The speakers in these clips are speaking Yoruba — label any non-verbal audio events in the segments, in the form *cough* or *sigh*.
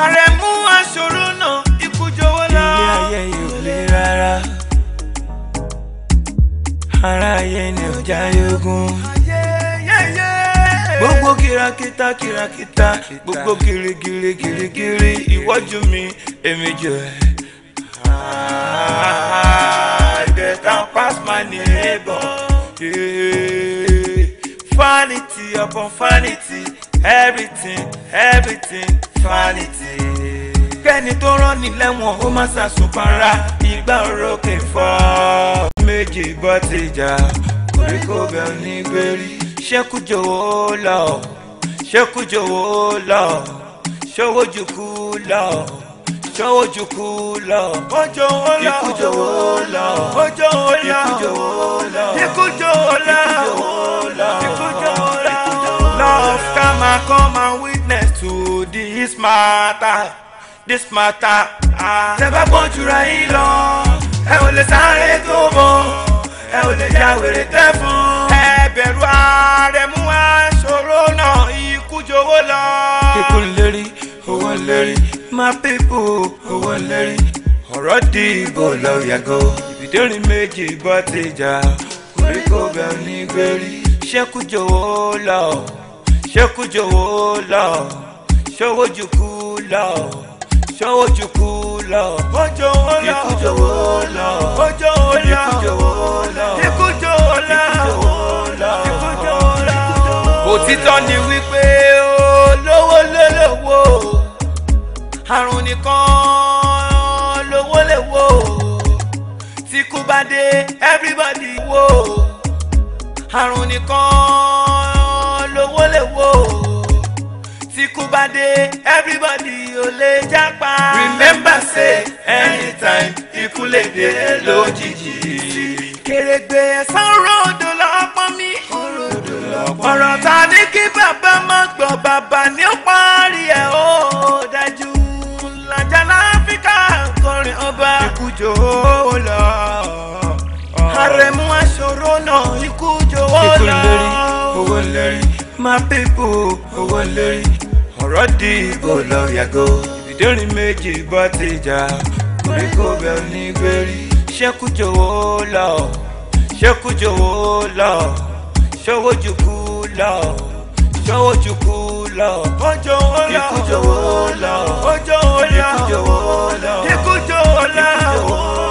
àrẹ̀mú aṣòro náà ikú jọ̀wọ́ lọ. ilé ayé yóò le rárá ara ayé ni ọjà yogun. gbogbo kìràkìtà kìràkìtà gbogbo kirigiri kirigiri iwájú mi èmi jẹ. I ah, dey can pass my neighbor. Yeah. Vanity upon vanity, everything, everything spirituality. kẹ́ni tó rán ni lẹ́wọ̀n ó má ṣàṣùpara ìgbà òrókè fọ́. méjì bọ́ ti jà koríko bẹ̀ ní gbérí. ṣẹ́kù jọ̀wọ́ lọ ṣẹ́kù jọ̀wọ́ lọ ṣọwọ́ jùkú lọ jọ̀wọ́ jùkú lọ. ikú jọ̀wọ́ lọ. ikú jọ̀wọ́ lọ. ikú jọ̀wọ́ lọ. ikú jọ̀wọ́ lọ. ikú jọ̀wọ́ lọ. love come and come and to this matter this matter. never ah. bá to jura yín lọ ẹ ò lè sáré tó mọ́ ẹ ò lè ya wèrè tẹ́ fún. ẹ bẹ̀rù ààrẹ mú aṣòro náà ikú jowó lọ. ikú lérí owó lérí my people owó lérí ọ̀rọ̀ dìbò lọ yàgò. ìbídẹ́rìn méjì bọ́ ti jà koríko bẹ́ẹ̀ ní gbérí. ṣé kú jowó lọ ṣé jowó lọ ṣòwò jù kú lọ ṣòwò jù kú lọ. ó jọ̀wọ́ lọ ikú jọ̀wọ́ lọ ó jọ̀wọ́ lọ ikú jọ̀wọ́ lọ ikú jọ̀wọ́ lọ ikú jọ̀wọ́ lọ. òtítọ́ ni wípé olówó lélẹ̀wò àrùn nìkan lówó lè wò tí kú bá dé everybody wò àrùn nìkan. dé everybody ò lè jápa. remember say anytime ikú lè dé lójijì. kèrègbè sanrodo lọ́pọ̀ mi. ọ̀rọ̀ ta ní kí bàbá má gbọ́ bàbá ní ó parí ẹ̀ ó dájú. làjà láfíríkà kọrin ọba ikújò ó lọ. àrẹ̀mú aṣòro náà ikújò ó lọ. owó lẹ́rìn owó lẹ́rìn my people owó lẹ́rìn ọ̀rọ̀ di ìbò lọ yàgò ìdérin méjì bá ti jà koríko bẹ̀ ní gbérí ṣẹ́kù jọ̀wọ́ là ọ́ ṣẹ́kù jọ̀wọ́ là ọ́ ṣọwọ́ jùkú là ọ́ ṣọwọ́ jùkú là ọ́ ọjọ́ wọn là ọ́ ikú jọ̀wọ́ là ọ́ ọjọ́ wọn là ọ́ ikú jọ̀wọ́ là ọ́ ikú jọ̀wọ́ là ọ́.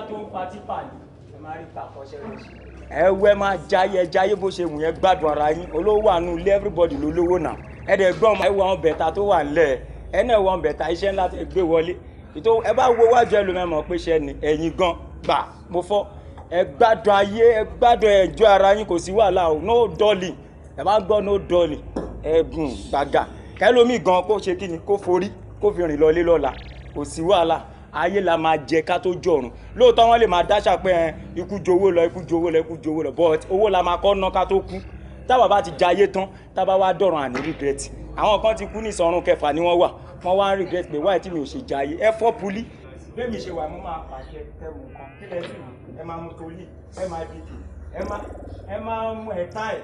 bá tó ń patí pàlì ẹ máa rí takọ́ṣẹ́ rẹ̀ sí. ẹ máa jayé jayé bó ṣe wù yẹn gbádùn ara yín olówó àánú ilé everybody ló lówó náà ẹ dẹ̀ gbọ́n ẹ wọ àwọn bẹ̀ta tó wà nílẹ̀ ẹ náà wọ àwọn bẹ̀ta iṣẹ́ ńlá tẹ gbé wọlé ètò ẹ bá wo wájú ẹ lómi ẹ mọ̀ pé ṣe ẹ̀yìn gan gbà mo fọ́ ẹ gbádùn ayé ẹ gbádùn ẹ̀jọ́ ara yín kò sí wàhálà o no dulling ẹ bá gbọ́ no dulling ẹ̀bùn gbàgà kẹlómi gan kó ṣe kí ni kó forí kó fi rìn lọlé lọ́la kò sí wàhálà ayé la máa jẹ ká tó jọ̀run lóòótọ́ wọ́n lè máa dáṣà pé ẹ ikú jowó lọ ikú jowó lọ ikú jowó lọ but owó la máa kọ́ ná ká tó kú táwa bá ti ja ayé tán táwa wá dọ̀run àní regret àwọn kan ti kú ní ìsọ̀run kẹfà ni wọ́n wà wọ́n wá ń regret pé wáyé tí mi ò ṣe ja ayé ẹ fọ́ pulí. bẹ́ẹ̀ mi ṣe wà mo máa pàṣẹ tẹ̀wù kan kílẹ̀ sí ẹ máa mú tolí ẹ máa dìde ẹ máa mú ẹ̀ táì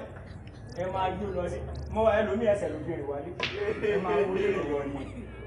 ẹ máa yí lọ sí mọ́ ẹlòmíì ẹsẹ̀ lójú ìwálé ẹ máa wọlé ìwọ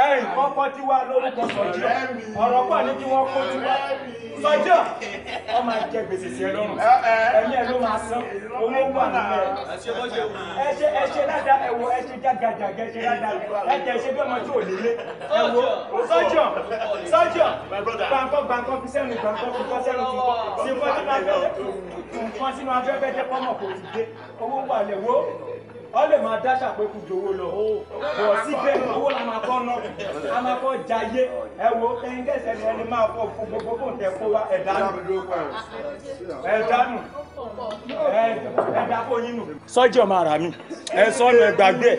ẹ̀yìn kọ́kọ́ tí wá lórúkọ sọ̀jọ́ ọ̀rọ̀ pọ̀ ní kí wọ́n kó tí wá sọ̀jọ́ wọ́n máa jẹ gbèsè sí ẹ lọ́rùn ẹ̀yìn ẹ̀ ló máa san owó wà nílẹ̀ ẹ ṣe ẹ ṣe dáadáa ẹ wo ẹ ṣe jágajàgẹ ṣe dáadáa ẹ jẹ ṣe bí ọmọ tí ò nílé ẹ wo sọ̀jọ́ sọ̀jọ́ gbàǹkọ́ gbàǹkọ́ fi sẹ́nu gbàǹkọ́ fi kọ́ sẹ́nu fi kọ́ sí nǹkan sínú afẹ́fẹ́ jẹ́ pọ́mọ̀ kò ti dé owó wà lẹ̀ wo ọ lè máa dáṣà pé kú jowó lọ bọ̀ oh. síbẹ̀ owó la máa kọ́ ná a máa kọ́ jayé ẹ wo ẹyin kẹsẹ̀ ni ẹni máa fọ fún gbogbo kò tẹ kó wa ẹ̀dánù ẹ̀dánù ẹ̀dá kó yín nù. sọ́jọ́ máa rà mí ẹ sọ́nù ẹgbàgbé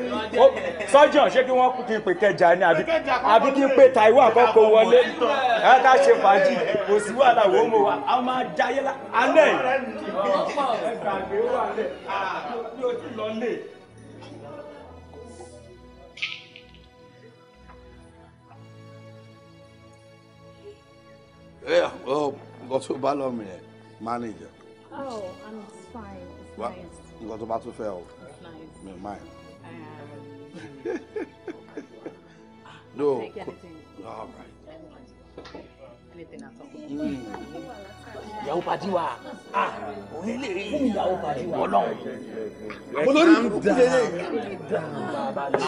ẹ sọ́jọ́ ṣé kí wọ́n kí n pè kẹjà ni àbí kí n pè taiwo àkọ́kọ́ wọlé ẹ ká ṣe fàájì kò sí wàhálà wò ó mọ̀ wá a máa jayé la alẹ́ yìí. ọ̀pọ̀ ẹgbàgbé wà lẹ̀ àti ojú lọ lè. Yeah, oh, got to bá lọ mi manager. Oh, I'm fine. It's What? nice. Nǹkan tó bá tún fẹ́ It's nice. Mi mind. Um, *laughs* no. Take anything. All right. Anything at all. Mm. Ìyàwó pàdí wa. Ah, orílẹ̀ èyí ìyàwó pàdí wa. Ọlọ́run. Olórí ìlú lélẹ̀. Bàbá lè.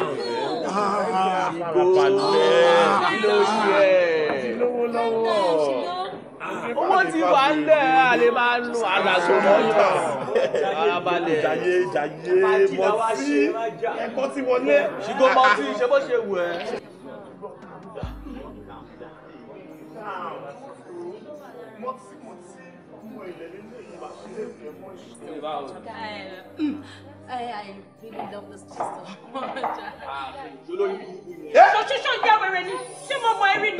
Bàbá lè. Kí owó ti wà ń lẹ̀ àlè máa nu àlàsọ mọ́ yọ abalẹ̀ jàyé jàyé mọtí ẹ̀kọ́ ti wọlé. ṣùgbọ́n mọtí ṣe bó ṣe wù ẹ́. ṣé mo mọ ẹrí ni?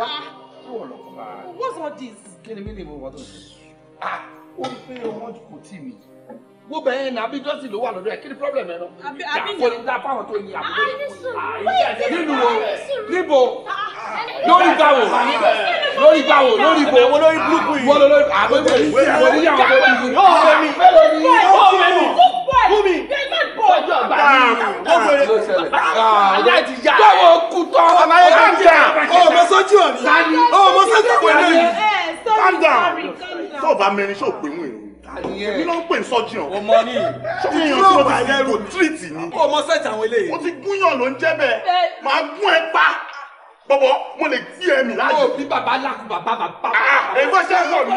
Ah tí wọ́n lọ kọ́ bá a. what's all this. kí ni mí lè mú wọn tó ṣe. ah o pé wọn kò tí mi wo bẹ̀rẹ̀ ní abidjọ́sì ló wà lọ́dọ̀ ẹ̀ kí ni problem ẹ lọ. àpò ní ta fáwọn tó yin àbúrò. nínú wo níbo lórí gbàwò lórí gbàwò lórí bo wọ́n lórí burúkú yìí wọ́n lórí àbẹ̀wò ìwé ìwé ìyàwó ìwé ìwé ìwé ìwé ìwé ìwé ìwé ìwé ìwé ìwé ìwé ìwé boy. Bumi. He is not boy. Ọjọ́ ọgbà mi. Ó wèrè. Ajá ti yá. Báwo kú tán? Ah, oh, ọmọ ayé oh, eh, eh, calm down. Ọmọ sọ́jú ọ̀ni. Sani. Ọmọ sọ́jú ọ̀ni. Calm down. Tó o bá mẹ́rin ṣó pé wọ́n èrò èmi ló ń pè sọ́jì ọ̀. ọmọ ní ìyẹn tí wọ́n ti fi kò tírìtì ni. ọmọ sẹ́ẹ̀tì àwọn eléyìí. o ti gúnyàn ló ń jẹ́ bẹ́ẹ̀ máa gún ẹ pa bọ̀bọ̀ mo lè gbé ẹ̀mí láàyè. o bí baba lakú baba baba. Ah, ẹ̀gbọ́n ṣe é lọ mi.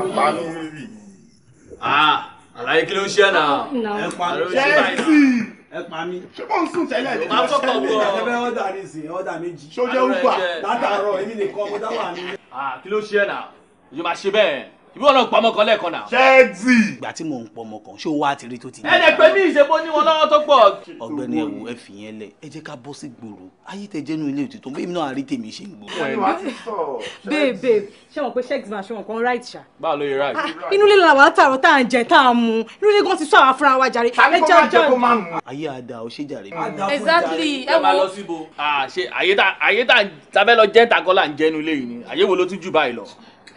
àpamọ́ rírì. Ah, àlàyé kí ló ń ṣe ẹ̀ náà. ẹ pa mí ṣẹ́ẹ̀sì ẹ pa mí. ṣé mo ń sùn tẹ́lẹ̀ ní. máa kọ́kọ́ wọ ẹ bẹ ọ̀dà ní ìsìn ọ̀dà méjì. ṣó jẹ́ uber látàárọ̀ èmi nìkan mo dá wà ní. Ah, kí ló ṣe ẹ̀ náà ìjọba ṣe bẹ́ẹ̀ ìlú ọ̀nà pọ̀ ọmọ kan lẹ́ẹ̀kan náà. ṣẹ́ẹ̀tì. ìgbà tí mò ń pọ̀ ọmọ kan ṣé o wá ti rí tó ti. ẹnì pé ní ìṣèbó ní wọn lọ́wọ́ tó pọ̀. ọ̀gbẹ́ni ẹ wo ẹ fi yẹn lẹ ẹ jẹ ká bọ́ sí gbòòrò ayé tẹ jẹnu ilé òtítọ́ bẹ́ẹ̀ náà àrí tèmi ṣe ń gbòòrò. bẹ́ẹ̀ bẹ́ẹ̀ ṣé wọn pé ṣẹ́ẹ̀tì máa ṣe wọn kan right ṣá. báwo ló yẹ right. Ah, inú ilé làwọn àtàrọ̀ tá à ń jẹ tá à ń mu inú ilé gan ti sọ àwọn afúnra wa jàre. tàbí kó má jẹ kó má mu. ayé àdá ò ṣe jàre. exactly ẹ wo. àyè ah, tá à ń jẹ́ tàkọ́ là ń jẹ́nu ilé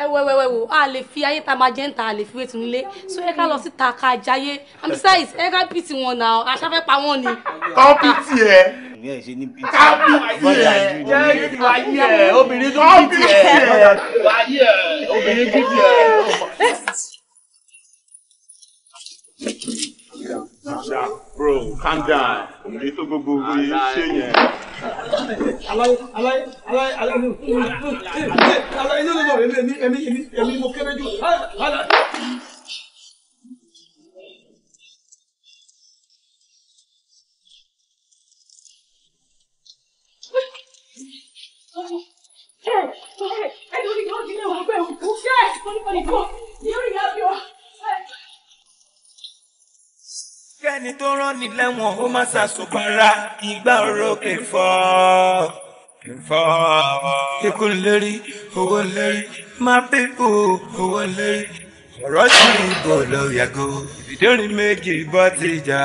ẹwẹwẹwẹ wo a lè fi ayé tá a máa jẹ́ ń ta a lè fi wétu nílé so ẹ ká lọ síta ká jayé and besides ẹ ká pìtì wọn náà aṣáfẹ́ pa wọ́n ni. kọ́ pìtì ẹ ká pìtì ẹ jẹ́ ìwáyé ẹ obìnrin tó pìtì ẹ obìnrin pìtì ẹ. ṣá bro calm down èyí tó gbogbo owó yìí ṣe yẹn. aláyé aláyé aláyé aláyé aláyé ló lè lọ èmi èmi èmi èmi èmi mo kéré jù. Hey, hey, I don't think I'll get out of the way. Guys, funny, funny, go. You already have your kẹ́ni tó rán ni lẹ́wọ̀n ó má ṣàṣùpara ìgbà òrókè fọ́ fọ́ ikú lérí owó lérí má pípò owó lérí ọ̀rọ̀ sì ń bọ̀ lọ yàgò ìdérí méjì bọ́ ti jà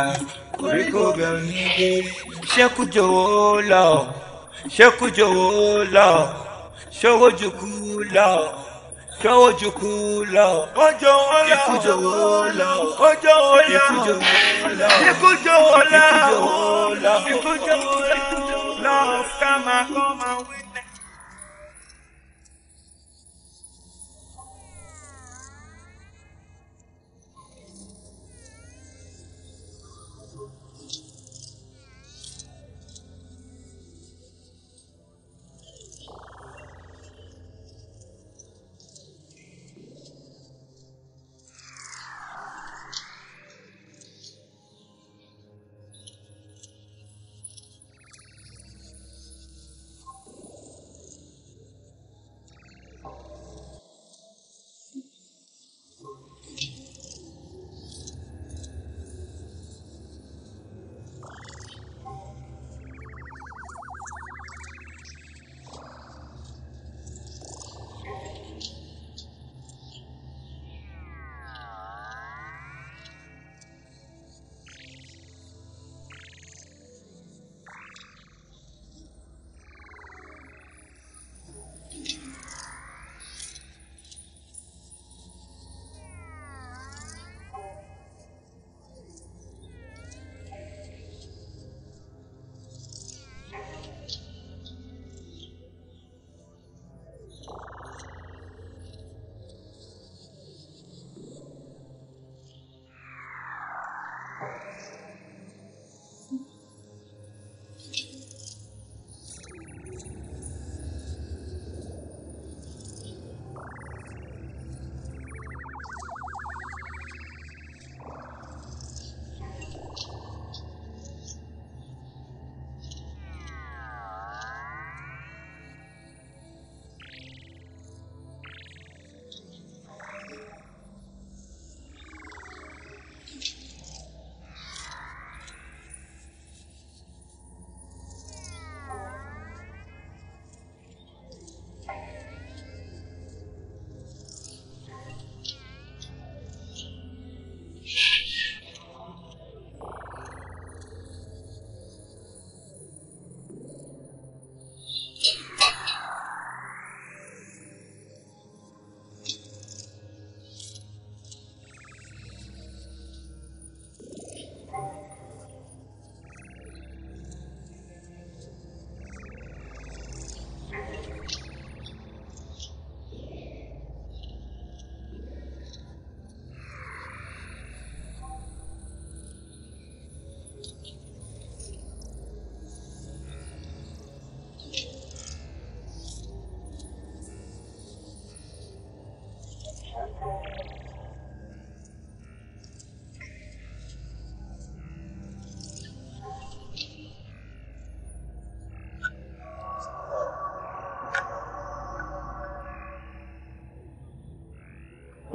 koríko bẹ̀rù ní gbérí ṣẹ́kù lọ ṣẹ́kù lọ ṣọwọ́ lọ jọ̀wọ́ jùkú lọ. ó jọ̀wọ́ lọ. ikú jọ̀wọ́ lọ. ó jọ̀wọ́ lọ. ikú jọ̀wọ́ lọ. ikú jọ̀wọ́ lọ. ikú jọ̀wọ́ lọ. ikú jọ̀wọ́ lọ. lọ ká máa kọ́ máa wí.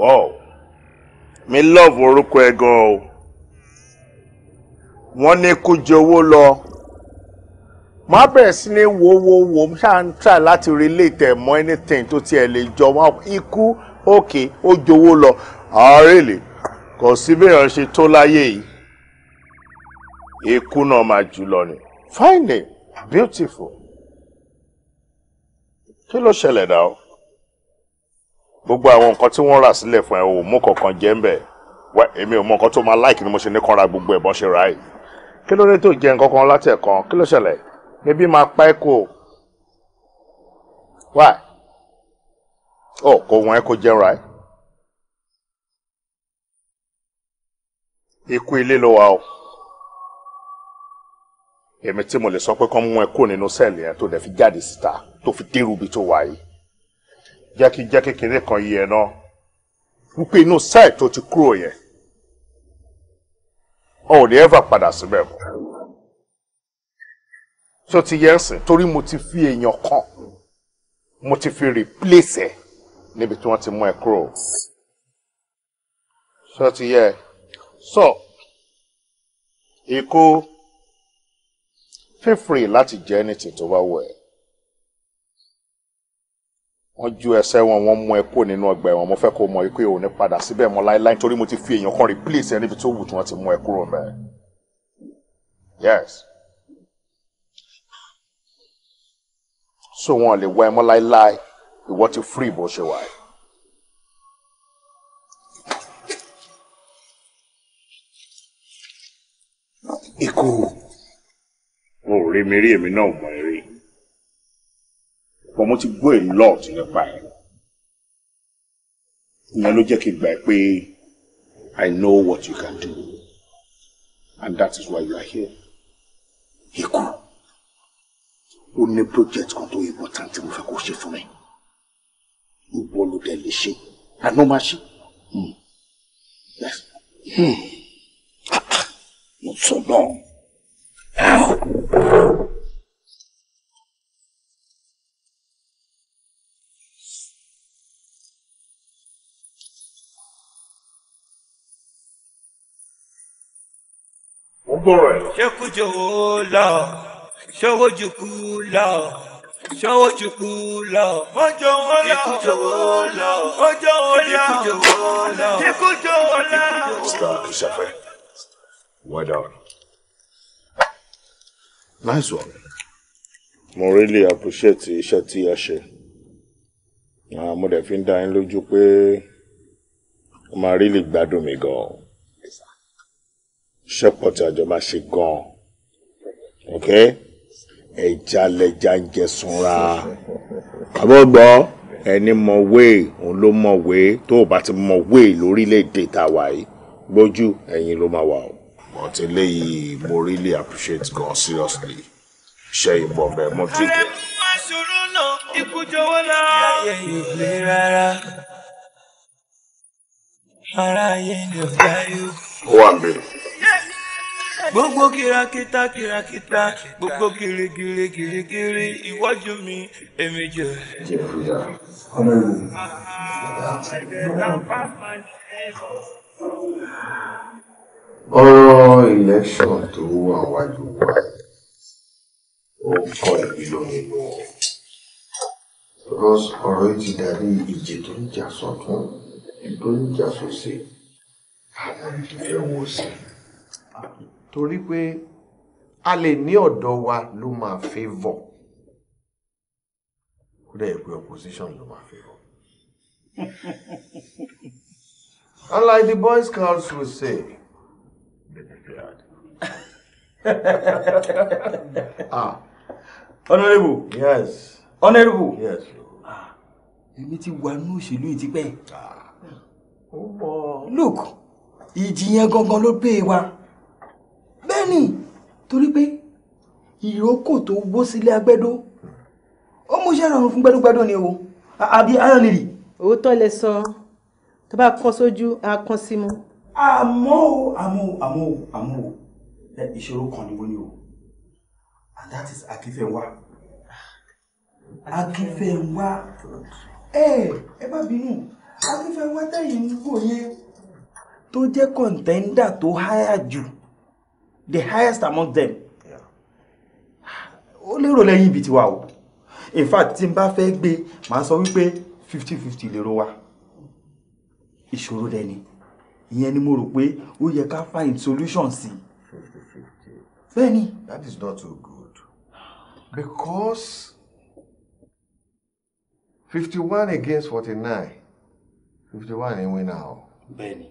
wow mi love orúkọ ẹ gan o wọ́n ní kó jẹ owó lọ má bẹ̀rẹ̀ sí ní wo wo wo ṣáà ń try láti relate ẹ̀ mọ́ anything tó tiẹ̀ lè jọ wọn ikú òkè ó jowó lọ àárẹ̀lẹ̀ ah, kò sí béèyàn ṣe tó láyé yìí ikú náà máa jù lọ ni fine beautiful kí ló ṣẹlẹ̀ náà gbogbo àwọn nǹkan tí wọ́n rà sílẹ̀ fún ẹ ò mú kankan jẹ́ ńbẹ̀ wẹ́ èmi ò mọ nǹkan tó máa like ni mo ṣe ní kanra gbogbo ẹ̀bọ́n ṣe ra yìí kí ló dé tó jẹ nǹkan kan láti ẹ̀kan kí ló ṣẹlẹ̀ ebi máa pa ẹ́ kó wá ò kò wọ́n ẹ kó jẹun ra ẹ́ ikú ilé ló wà o èmi tí mo lè sọ pé kán mú ẹ kó nínú sẹ́ẹ̀lì yẹn tó dẹ̀ fi jáde síta tó fi dérú ibi tó wà yìí jẹ́ kí jẹ́ kékeré kan yìí ẹ̀ náà wípé inú site tó ti kúrò yẹn ọ ò ní ẹ́fà padà síbẹ̀ mọ́ tó ti yẹ ń sìn torí mo ti fi èèyàn kan mo ti fi replace ẹ̀ níbi tí wọ́n ti mú ẹ kúrò tó ti yẹ so ikú feel free láti jẹ anything tó bá wù ẹ́ wọ́n ju ẹsẹ̀ wọn wọ́n mú ẹ kó nínú ọgbà ẹ̀wọ̀n mo fẹ́ kó mọ̀ pé òun ní padà síbẹ̀ mọ́ láéláé nítorí mo ti fi èèyàn kan replace ẹ níbi tó wù tí wọ́n ti mú ẹ kúrò mẹ́ẹ̀. yes. so wọn lè wọ ẹ mọ́ láéláé ìwọ ti free bó ṣe wà ẹ. ikú. o ò rí mi rí èmi náà mọ̀ ẹ́ but mo ti gbọ́ a lot nípa ẹ̀ ìyẹn ló jẹ́ kí n gbà pé I know what you can do and that is why you are here. Ikú ó ní project kan tó important tí mo fẹ́ kó ṣe fún mi ìwọ ló dẹ̀ lè ṣe àná máa ṣe. Hmm. Yes. Hmm. Ah, Not so long. boy. Shakujula, Shawajukula, Shawajukula, Majola, Majola, Majola, Shakujula. Stop, Shafe. Well done. Nice one. Mo really appreciate iṣẹ́ tí ẹ ṣe. Ah, mo dẹ̀ fi ń dá yín lójú pé ó máa rí lè gbádùn mi gan-an iṣẹ́ pọ̀ tí àjọ máa ṣe gan-an ok ẹja lẹja ń jẹ sunra àbọ̀gbọ́ ẹni mọ̀ wéè òun ló mọ̀ wéè tó o bá ti mọ̀ wéè lórílẹ̀‐èdè tá a wà yìí gbójú ẹ̀yìn ló máa wà o. but eléyìí mo really appreciate God seriously iṣẹ́ yìí pọ̀ bẹ́ẹ̀ mo dì í. ara yẹn ni ọ̀gá yóò. ó wà mí gbogbo kìràkìtà kìràkìtà gbogbo kirikiri kirikiri iwájú mi èmi jẹ. ọ̀rọ̀ election tó wà wájú wa ó kọ́ ìbílò nínú ọ̀ because ọ̀rọ̀ yìí ti dàbí ìjì tó ń jà sọ́tún tó ń jà sósì àwọn ìdílé wò sí i torí pé a lè ní ọ̀dọ́ wa ló máa favour ó dẹ̀ pé opposition ló máa favour. *laughs* And like the Boy Scouts will say, *laughs* ah. Honourable. Yes. Honourable. Yes. Ah. Èmi ti wà nínú òṣèlú yìí tipẹ́. Ah. Look, ìjì yẹn gangan ló pè wá bẹ́ẹ̀ ni torí pé ìrókò tó wó sílé agbẹ́dó ó mú iṣẹ́ rọrùn fún gbẹ́dúgbẹ́dú ni o àbí ayọ̀nìrì. òótọ́ lẹ sọ tó bá kán sójú á kán sí mu. àmọ́ o àmọ́ o àmọ́ o àmọ́ o ìṣòro kan ni mo ní o and that is akínfẹ́wá akínfẹ́wá ẹ ẹ má bínú akínfẹ́wá tẹ̀yìn ń wò tó jẹ́ kọ̀ǹtẹ́ńdà tó háyà jù the highest among them ó lérò lẹ́yìn ibi tiwa o in fact tí n bá fẹ́ gbé màá sọ wípé fifty fifty lérò wa ìṣòro dẹ̀ ni ìyẹn ni mo rò pé ó yẹ ká find solution sí i bẹ́ẹ̀ ni. that is not so good because fifty one against forty nine fifty one ni win now. bẹ́ẹ̀ ni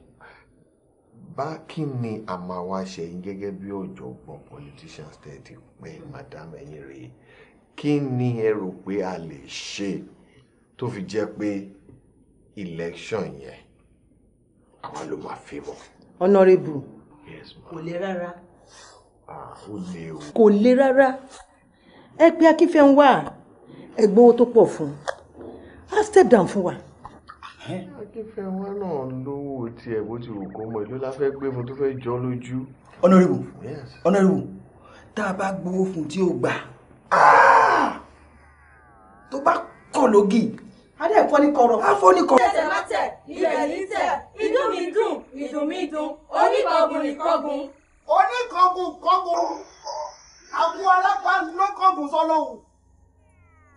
bá kí ni àmàwà ṣe yín gẹ́gẹ́ bí ọ̀jọ̀gbọ́n politicians tẹ́ ti pín madam ẹ̀yìn rèé kí ni ẹ rò pé a lè ṣe tó fi jẹ́ pé election yẹn àwa ló máa favour. honourable kò le rárá. kò le rárá ẹ pé akínfẹ́ ń wá ẹgbẹ́ owó tó pọ̀ fún un á step down fún wa akínfẹ́ wọn náà lówó tiẹ̀ bó ti wù kó mọ ìlú la fẹ́ gbé fún tó fẹ́ jọ lójú. ọ̀nàrẹ́wò ọ̀nàrẹ́wò tá a bá gbowó fún tí ó gbà tó bá kọ̀ lógì adé ẹ̀fọ́ ní kọ̀rọ̀ afọ́ ní kọ̀rọ̀. ẹsẹ̀ má tẹ̀ ilẹ̀ yìí tẹ̀ inú mi dùn ìdùn mi dùn oníkọ̀gùn nìkọ̀gùn. oníkọ̀gùn kọ̀gùn àwọn alápá lọ́kọ̀gùn sọlọ́hùn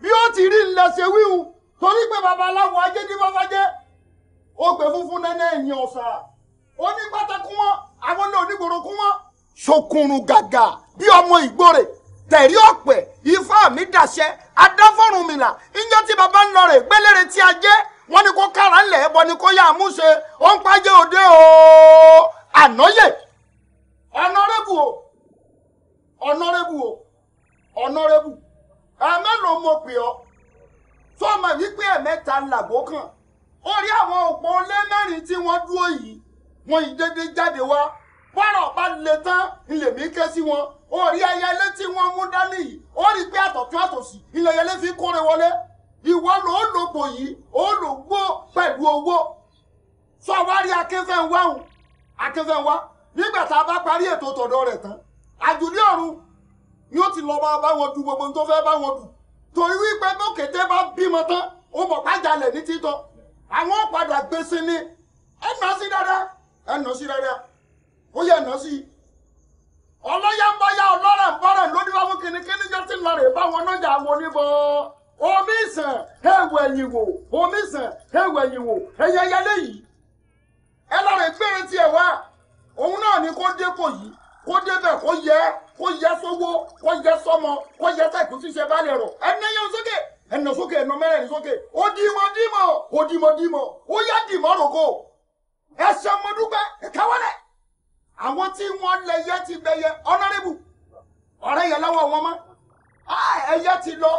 bí ó ti rí ńlẹ̀ ṣe wíhun torí pé babaláwo ajé ní bàbá ó gbé funfun nẹ́nẹ́ ẹ̀yìn ọ̀sà ó ní pátákó wọn àwọn náà onígboro kú wọn. sokunrun gàgà bí ọmọ ìgbórè tẹ̀rí ọ̀pẹ̀ ifá mi dàṣẹ adáfọ́rùnmìlà ìjọ tí baba ń lọ rè gbélére tí a jẹ́ wọ́n ní kó kára ńlẹ̀ ẹ̀bọ ni kó yá àmúṣe ó ń pàjẹ́ òde o ànáyè ọ̀nàrẹ́bù o ọ̀nàrẹ́bù o ọ̀nàrẹ́bù ẹ̀mẹ́lòó mo pè ọ́ tó ọmọ wípé ẹ̀mẹ́ta làgbó kàn orí àwọn òpó lé mẹ́rin tí wọ́n dúró yìí wọ́n yìí dédé jáde wá bọ́rọ̀ bá le tán ńlẹ̀mí ké sí wọn orí ẹyẹlé tí wọ́n mú dání yìí ó rí pé àtọ̀tún àtòsì ilẹ̀ ẹyẹlé fi kórè wọlé ìwọ ló ń lòpò yìí ó lò gbó pẹ̀lú owó sọ wá rí akínfẹ́ńwá hùn akínfẹ́ńwá nígbà tá a bá parí ètò tọ̀dọ̀ rẹ̀ tán àjùlé ọ̀run ni ó ti lọ bá báwọn du gbogbo tó fẹ́ báwọn dù torí wípé bókété bá bímọ tán ó mọ̀ pàjálẹ̀ ní títọ́ àwọn padà gbé sí ni ẹ nà sí dáadáa ẹ nà sí dáadáa ó yẹ nà sí ọlọ́yà ń bá yá ọlọ́rẹ̀ ń bọ́rẹ̀ lórí wáwú kìnnìkìnnì jẹ́ sí lọ́rẹ̀ báwọn nájà àwọn oníbọ̀ omi sàn ẹ̀wọ̀ ẹ̀yìn wò omi sàn ẹ̀wọ̀ ẹ̀yìn wò ẹ̀yẹ yẹlé yìí ẹ lọ́rẹ̀ gbére tiẹ̀ wá òun náà ni kó dépò yìí kó débẹ̀ kó yẹ kó yẹ sówó kó yẹ sọmọ kó yẹ sẹ́kù ṣíṣe bá lè rọ̀ ẹ̀ ní yẹn sókè ẹnà sókè ẹnà mẹ́rẹ̀ẹ̀rin sókè ó dìmọ̀ dìmọ̀ ó dìmọ̀ dìmọ̀ ó yá dìmọ̀ rògbò ẹsẹ̀ ọmọ dúpẹ́ káwọ́lẹ̀ àwọn tí wọ́n lẹ yẹ ti gbẹyẹ ọ̀nàrẹ́bù ọ̀rẹ́ yẹn lọ́wọ́ wọn mọ́ ẹyẹ ti lọ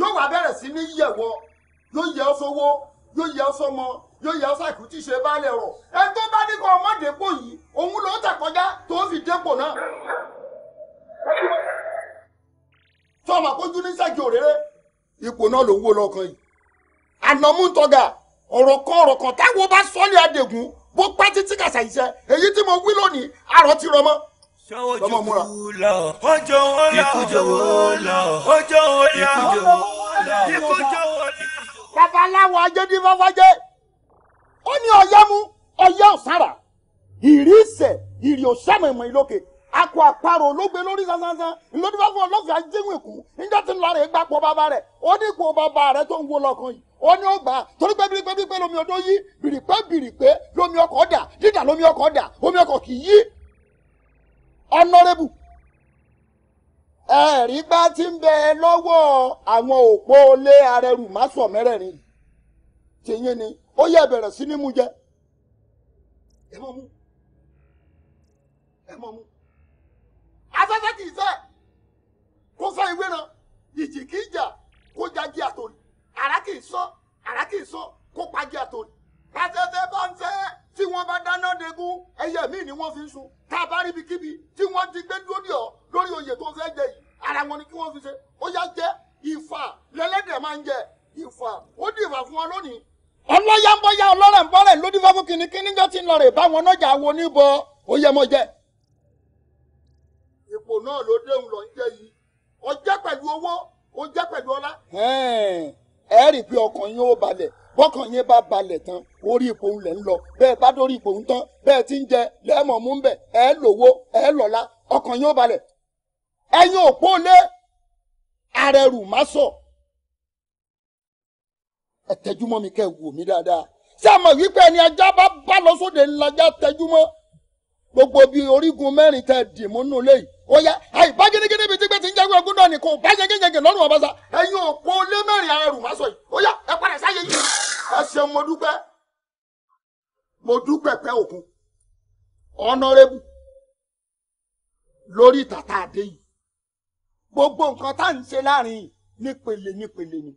yóò wá bẹ̀rẹ̀ sí ní yẹ̀wọ́ yóò yẹ ọ́ sówó yóò yẹ ọ́ sọmọ yóò yẹ ọ́ sàkú tí ṣe baálẹ̀ rọ̀ ẹni tó bá ní kọ́ ọmọ dépò yìí òun ló tà tó fi dépò náà. sọ ma kójú ní sẹ́gi òréré ipò náà ló ń wò lọ́kàn yìí ànàmúntọ́gà ọ̀rọ̀ kan ọ̀rọ̀ kan táwọn bá sọ́ọ́lì àdègùn bó pẹ́ títí kàṣà iṣẹ́ èyí tí mo wí lónìí àrò ti rọmọ. lọ́mọ múra. ọjọ́ wọn la ọjọ́ wọn ọjọ́ wọn ọjọ́ wọn la ìkọjọ́ babaláwo ajédìfáfájé ó ní ọyá mú ọyá ọ̀sára ìrì ìsẹ̀ ìrì ìlókè akọ akparo olóògbé lórí sánsánsan ńlọdún bá fún ọlọ́fẹ́ ajéwìn níjọ́ tí ń gbà pọ̀ bàbá rẹ̀ ó ní ipò bàbá rẹ̀ tó ń wo lọ́kàn yìí ó ní ó lomi yí lomi dà omi kì í yí ọ̀nọ́rẹ́bù ẹ̀rí ti ń bẹ lọ́wọ́ àwọn òpó arẹrù mẹ́rẹ̀ẹ̀rin tìyín ni ó yẹ bẹ̀rẹ̀ sí ní mú jẹ ẹ mọ̀ mú ẹ afẹ́fẹ́ kì í sẹ́ kó sọ ìwé náà ìjì kì í jà kó jajì àtòrì àrá kì í sọ àrá kì í sọ kó pajì àtòrì pàṣẹṣẹ bá ń sẹ́ tí wọ́n bá dáná degun ẹyẹ míì ni wọ́n fi ń sun tá a bá ríbi kíbi tí wọ́n ti gbé lórí ọ lórí oyè tó fẹ́ jẹ yìí ara wọn ni kí wọ́n fi ṣe ó yá jẹ́ ìfà lẹ́lẹ́dẹ̀ máa ń jẹ ìfà ó dìfà fún wọn lónìí ọlọ́yà ń bọ́yà ọlọ́rẹ̀ ń bọ́rẹ̀ lódìfà fún kìnnìkìnnìjọ́ ti ń lọ rè báwọn náà jà wọ oníbọ̀ ó yẹ mọ́ jẹ́. ipò náà ló déhùn lọ ń jẹ yìí pẹ̀lú owó ó jẹ́ pẹ̀lú ọlá. ẹ rí i pé ọkàn yín ó balẹ̀ bá balẹ̀ tán orí bá dórí ipò ń ẹ ẹ ọkàn yín ó balẹ̀ lé arẹrù má sọ ẹ tẹjúmọ́ wò mí dáadáa ṣé àmọ̀ wípé ẹni ajá bá bá lọ sóde gbogbo bíi orígun mẹ́rin ó yá àyè bá gẹ́gẹ́ níbi tí gbé ti ń jagun ogun náà ni kò bá yẹgẹyẹgẹ lọ́rùn ọbaṣà ẹ̀yin òpó lé mẹ́rin àrùn má sọ yìí ó ẹ padà sáyé yìí ẹ ṣeun mo dúpẹ́ mo dúpẹ́ pẹ́ òkun ọ̀nàrẹ́bù lórí tàtà àdé yìí gbogbo nǹkan tá à ń ṣe láàrin nípele nípele ni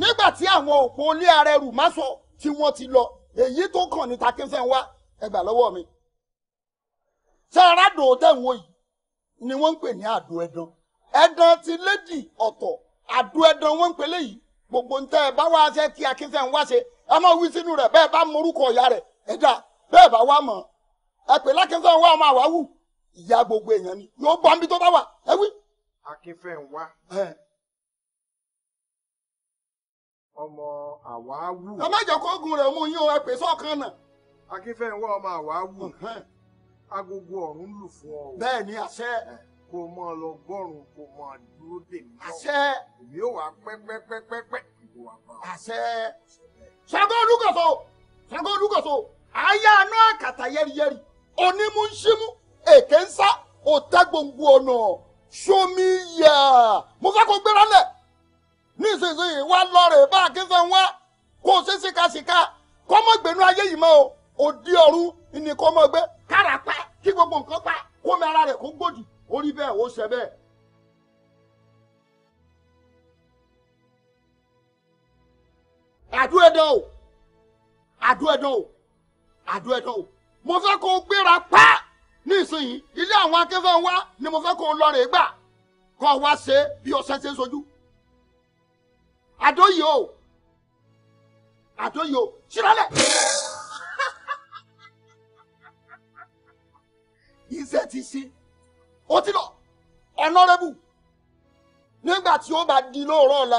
nígbà tí àwọn òpó lé arẹrù má sọ tí wọ́n ti lọ èyí tó kàn ní takínfẹ́ wa ẹ gbà lọ́wọ́ mi ṣé arádùn tẹ̀ ń yìí ni wọ́n ń pè ní àdó ẹ̀dán ẹ̀dán ti léjì ọ̀tọ̀ àdó ẹ̀dán wọ́n ń pè léyìí gbogbo ń tẹ́ ẹ bá wá ṣe tí akínsẹ́ ń wá ṣe ẹ máa wí sínú rẹ̀ bẹ́ẹ̀ bá morúkọ ìyá rẹ̀ ẹ̀dá bẹ́ẹ̀ bá wá mọ̀ ẹ pè lákínsẹ́ ń wá ọmọ àwáwù ìyá gbogbo èèyàn ni yóò bọ́ nbí tó bá wà ẹ wí. akínfẹ́ ń wá ọmọ àwáwù. ẹ má jẹ́ kó oògùn rẹ̀ mú yín o ẹ pè sọ́ọ̀kan náà. akínfẹ́ ń wá ọmọ àwáwù agogo ọ̀run lù fún ọ. bẹ́ẹ̀ ni àṣẹ. kò mọ lọ gbọ́rùn kò mọ dúró dè mí. àṣẹ. èmi ò wá pẹ́pẹ́pẹ́pẹ́. àṣẹ. Ṣàngó Olúkòso Ṣàngó Olúkòso àyà àná àkàtà yẹ́rìyẹ́rì onímúṣímú èké ń sá òtá gbòǹgbò ọ̀nà ṣomi yà mo fẹ́ kó gbéra lẹ̀ nísinsìnyí wá lọ́ọ̀rẹ̀ bá akínfẹ́ wá kó ṣe síkasíka kọ́mọ́gbẹ́nu ayé yìí mọ́ o òdi ọ̀run ni kọ́mọ́gbẹ́ kí gbogbo nǹkan pa kó mi ara rẹ̀ kó gbòdì ó rí bẹ́ẹ̀ ó ṣe bẹ́ẹ̀. àdúrẹ́dán o àdúrẹ́dán o àdúrẹ́dán o mo fẹ́ kó o gbéra pa ní ìsinyìí ilé àwọn akẹ́fẹ́ wa ni mo fẹ́ kó o lọ rè gbà kó o wá ṣe bí ọṣẹ ṣe ń sojú. àdóyè o àdóyè o ṣírọ́lẹ̀. ṣe ti ṣe ó ti lọ ọ̀nàrẹ́bù nígbà tí ó bá di lóòrọ̀ ọ̀la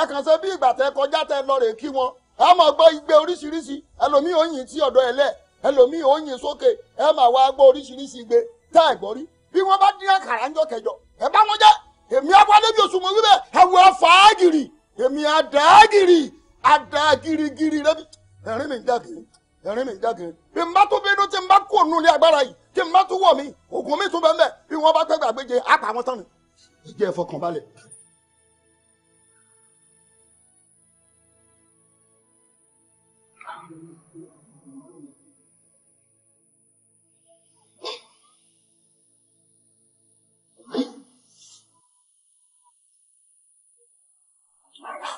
ẹ kàn ṣe bí ìgbà tẹ kọjá tẹ lọ rè kí wọn ẹ máa gbọ́ igbe oríṣiríṣi ẹlòmíì ó yìn tí ọ̀dọ̀ ẹ lẹ̀ ẹlòmíì ó yìn sókè ẹ máa wá gbọ́ oríṣiríṣi igbe tá ẹ gbọ́ rí bí wọ́n bá dín àkàrà ńjọ́ kẹjọ ẹ bá wọn jẹ́ èmi á wọlé bí oṣù mọ́ wípé ẹ wọ fàágìrì èmi àdàgìrì àdàgìrìgìrì rẹ bí ẹ̀rín mi ń dàgìrì ẹ̀rín mi jáde bí n bá tún bínú tí n bá kú òun ní agbára yìí tí n bá tún wọ̀ mí ògùn mi tún bẹ́ẹ̀ bí wọ́n bá tẹ́gbà gbéje á pa wọ́n tán ni ìjẹ́ ìfọkànbalẹ̀. Thank you.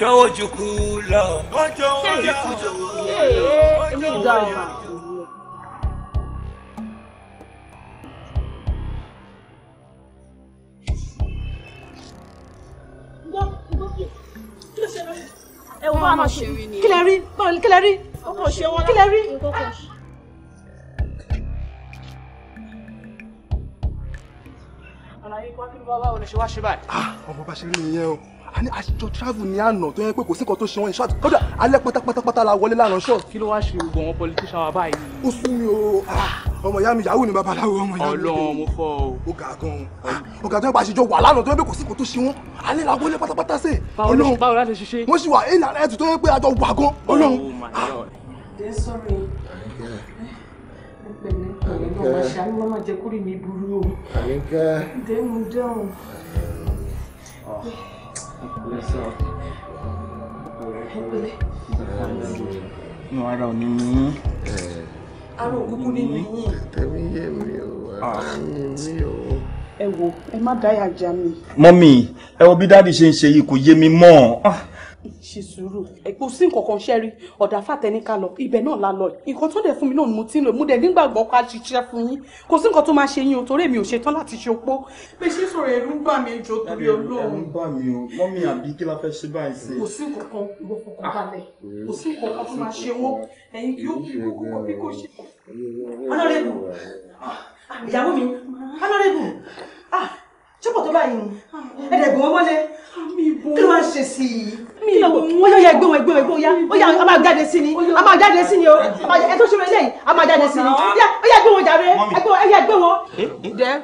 Ṣọwọ́jukwu lọ. Ṣọwọ́jukwu lọ. Èmi ìgbà ọ̀ma. Ẹ wọ́n máa ṣe rí ni. Kílẹ̀ rí, kílẹ̀ rí, kílẹ̀ ṣe wá ṣe báyìí. Ah, ọmọ bá ṣe rí nìyẹn o àjọ travel ní àná tó yẹ pé kò sí nǹkan tó ṣe wọ́n ní ṣáàtì kódà alẹ́ pátápátá la wọlé lánàá ṣọ́ọ̀ṣì. kí ló wá ṣe gbogbo àwọn politician wa báyìí. ó sún mi o ah, ọmọ ìyá mi yahoo ni babaláwo ọmọ ìyá mi. Ọlọ́run mo fọ o. ó ga gan o ga gan bá a wà lánàá tó yẹ pé kò sí nǹkan tó ṣe wọ́n alẹ́ la wọlé pátápátá sè. báwo la ṣe ṣiṣẹ́. wọ́n sì wà ẹ̀yìn àlẹ́ tó yẹ pé àjọ wà gan Ọlọ́run. Oh ah. eh, eh, Àyíkẹ́ inú ara ò ní mú yín. ara òkúkú nínú yín. ẹ̀mí yé mi o ara mi mi o. ẹ wo ẹ má dáyà já mi. mọ́mì ẹ wo bí dáàdi ṣe ń ṣe yìí kò yé mi mọ́ ọ. Ah ṣe sùúrù kò sí nǹkan kan ṣẹ́rí ọ̀dà fàtẹ́ni ká lọ ibẹ̀ náà la lọ nǹkan tó dẹ̀ fún mi náà ni mo ti ń lò mo dẹ̀ nígbàgbọ́ pa ṣiṣẹ́ fún yín kò sí nǹkan tó máa ṣe yín o torí èmi ò ṣetán láti ṣe opó. bẹ́ẹ̀ ṣe sọ̀rọ̀ ẹ̀rù ń bà mí jọ torí olóhùn. ẹ̀rù ń bà mí o wọ́n mi àbí kí la fẹ́ ṣe báyìí sí. kò sí nǹkan kan ìwọ fọkàn balẹ̀ ah, kò sí nǹkan kan tó máa ṣe wọ́n ẹ̀yin yóò fi kókó bí kò ṣe. ọlọ́rẹ́bù ah, ìyàwó mi ọlọ́rẹ́bù ah, ṣọ́pọ̀ tó báyìí ẹ̀ẹ́dẹ̀gbọ̀n mọ́lẹ̀ kí ló máa ń ṣe mi ò ó yẹ gbé wọn gbé wọn gbé wọn yá ó yà á máa jáde sí ni á máa jáde sí ni o ẹ tó ṣe wọlé yìí á máa jáde sí ni ó yà gbé wọn jàre ẹ yà gbé wọn. jẹ eh, eh.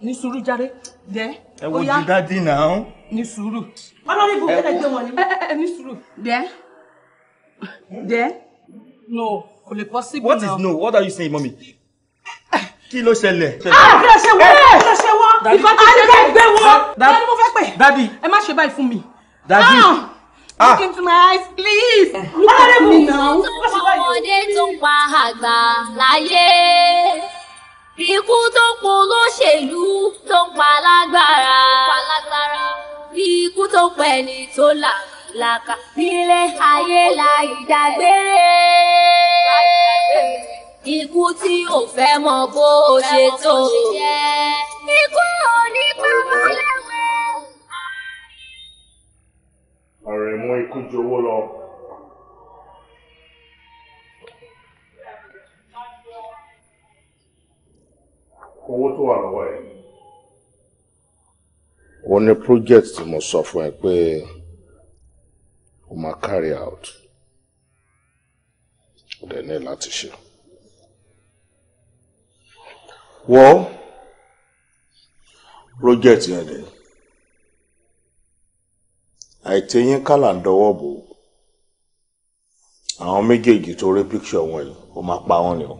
ní sùúrù jàre jẹ ó yá ẹ wo jí dádì náà. ní sùúrù. ọlọ́run ibùkún ẹ̀ gbé wọn ni. ẹ eh, ẹ ní sùúrù jẹ jẹ no kò lè possible now. what is no what are you saying mommy kí ló ṣẹlẹ̀. Ah, kí ló ṣe wọ́n kí ló ṣe wọ́n ìfọ̀tí ṣe fẹ́ gbé wọn. dadi ẹ má ṣe báyìí fún mi. Daddy. Ah! ah! Look into my eyes, please. Eh, look at me now. Ọmọdé tó pa àgbà láyé. Ikú tó pọ̀ olóṣèlú tó pa lágbára. Ikú tó pẹ̀ ní tó là làkà. Nílé ayé láì dágbére. Ikú tí ò fẹ́ mọ bó ṣe tó. Ikú ò ní pamọ́ lẹ́wọ̀n. ọ̀rẹ́ mú ikú ju owó lọ. owó tó wà lọ́wọ́ ẹ̀. wọ́n ní project mo sọ fún ẹ pé o máa carry out o dẹ̀ ní láti ṣe. wọ́n project yẹn ni àìtẹ́yìn kálà ń dọwọ́ bò ó àwọn méjèèjì tó rí píkṣọ wọn yìí ó máa pa wọn ni o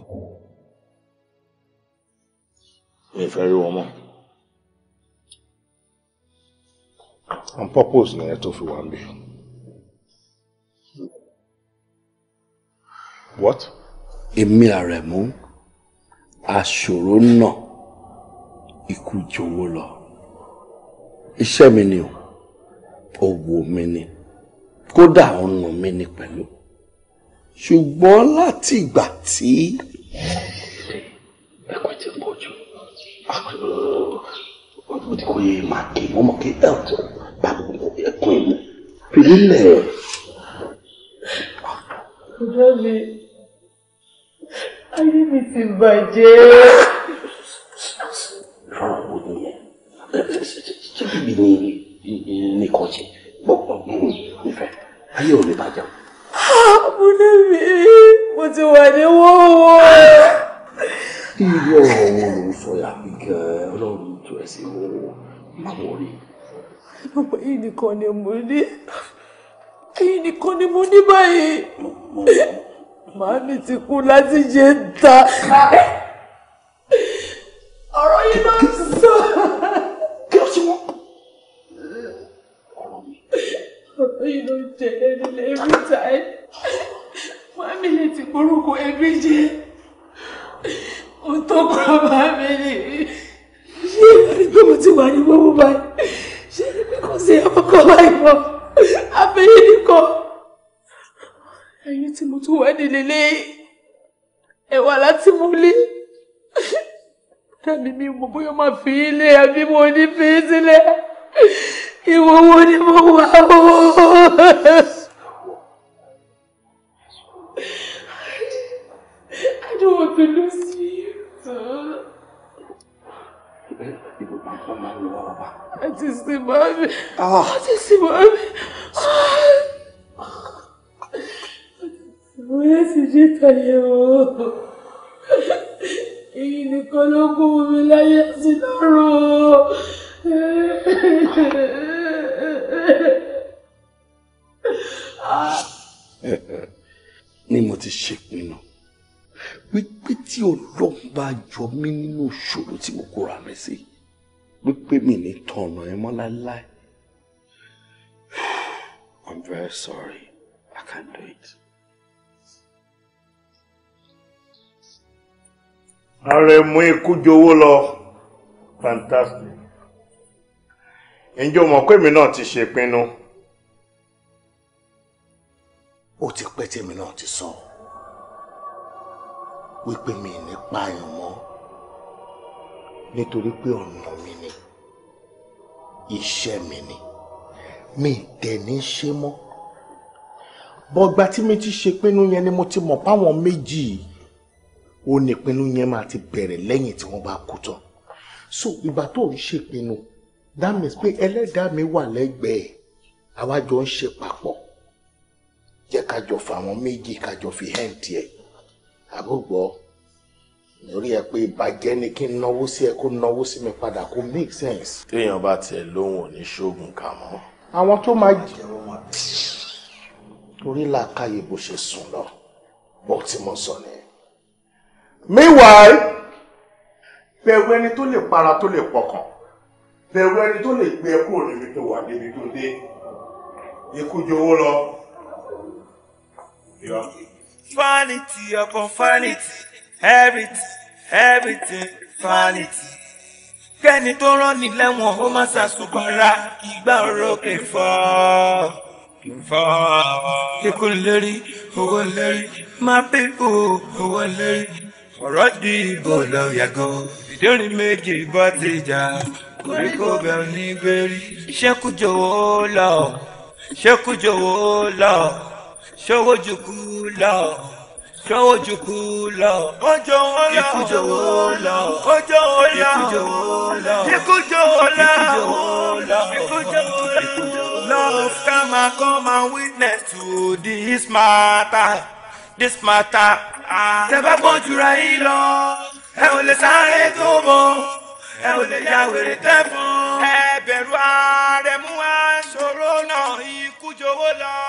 mi fẹ́ rí wọn mọ́ on purpose nìyẹn tó fi wà ń bí. what? èmi àrẹ̀mú aṣòro náà ikú jowó lọ iṣẹ́ mi ni o òwò mi ni kódà ọrùn mi ni pẹ̀lú ṣùgbọ́n láti ìgbà tí ẹ̀kọ́ ti pọ̀ jù ah, ọdún tí kò yẹ máa kí ọmọ kí health bá gbogbo ẹ̀kún ìmú fìdí lẹ̀. ìjọ mi ayé mi ti bàjẹ́. fọlọ́wọ́ nìyẹn ṣé bíbí ni nìkan ṣe gbogbo ìfẹ́ ayé ò ní bàjẹ́ o. àbúlé mi mo ti wà ní wọ́wọ́. irú ọ̀rọ̀ wo ló ń sọ yàtí gan-an ọlọ́run tó ẹ̀ sí wọ́wọ́ má wọlé. ọmọ yìí nìkan ni mo ní èyí nìkan ni mo ní báyìí màámi ti kú láti jẹ ń ta ọ̀rọ̀ yìí. ló ń jẹ ẹnilẹ every time family ti porúkọ ẹgbẹ́ jẹ ó tó kọ́ family ṣé ìrírí pé mo ti wà ní gbogbo báyìí ṣé ìrírí pé kò sí àkọ́kọ́ báyìí mọ́ abẹ́yẹ nìkan ẹ̀yin tí mo tún wá nílé lẹ́yìn ẹ̀wà láti mú lé tàbí mi mo bóyá máa fi ilé àbí mo ní fi sílẹ̀ ìwọ wo ni mo wà I don't want to lose you. Ibu papa máa ń lọ bàbá. Ẹ ti sin màmí. Ẹ ti sin màmí. Mo yẹ ti ni mo ti ṣèpinnu wípé tí ọlọ́run bá yọ mí nínú ìṣòro tí mo kóra mi sí wípé mi ní tọ̀nà ẹ mọ́ láéláé. *sighs* I'm very sorry. I can't do it. ààrẹ mú ikú jowó lọ fantastic ǹjẹ́ o mọ̀ pé èmi náà ti ṣèpinnu. No? ó ti pẹ́ tèmi náà ti sọ wípé mi ní pààyàn mọ́ nítorí pé ọ̀nà mi ni iṣẹ́ mi ni mi dẹ̀ ní ṣe mọ́ bọ́gbà tí mi ti ṣe pinnu yẹn ni mo ti mọ̀ páwọn méjì ó ní pinnu yẹn máa ti bẹ̀rẹ̀ lẹ́yìn tí wọ́n bá kú tán so ìgbà tó ń ṣe pinnu that means pé ẹlẹ́dàá mi wà lẹ́gbẹ̀ẹ́ àwa ń ṣe papọ̀ jẹ́ ká jọ fa àwọn méjì ká jọ fi hẹ́ǹ tiẹ̀ àbúgbọ́ lórí ẹ pé ìbàjẹ́ ni kí n náwó sí ẹ kó náwó sí mi padà kó make sense. téèyàn bá tiẹ̀ lóhùn ní ṣoògùn kà mọ́. àwọn tó máa jẹ torí làákàyè bó ṣe sùn lọ bó ti mọ sọ ni. meanwhile bẹ̀rù ẹni tó lè para tó lè pọkàn bẹ̀rù ẹni tó lè gbé ẹ kúrò níbi tó wà níbi tó dé ikú jowó lọ. Yeah. Vanity upon vanity, everything, everything, vanity. Kẹ́ni tó rán ní lẹ́wọ̀n ó má ṣàṣùbọ̀ra ìgbà orókè fọ́. Fọ́. Ikú lérí, owó lérí, my people, owó lérí. Ọ̀rọ̀ di ìbò lọ yàgò, ìdérin méjì bọ́ ti jà. Koríko bẹ̀rù ní gbèrí. Ṣé kú jọ̀wọ́ lọ? Ṣé kú jọ̀wọ́ lọ? ṣòro jùkú lọ ṣòro jùkú lọ. ọjọ́ wọn lọ ikú jọ̀wọ́ lọ ọjọ́ wọn lọ ikú jọ̀wọ́ lọ ikú jọ̀wọ́ lọ ikú jọ̀wọ́ lọ. Love come and come and witness to this matter this matter. tẹ́ bá gbọ́n jura yín lọ ẹ ò lè sáré tó mọ́ ẹ ò lè ya wèrè tẹ́ ẹ bẹ̀rù ààrẹ mú wá náà ikú jọ̀wọ́ lọ.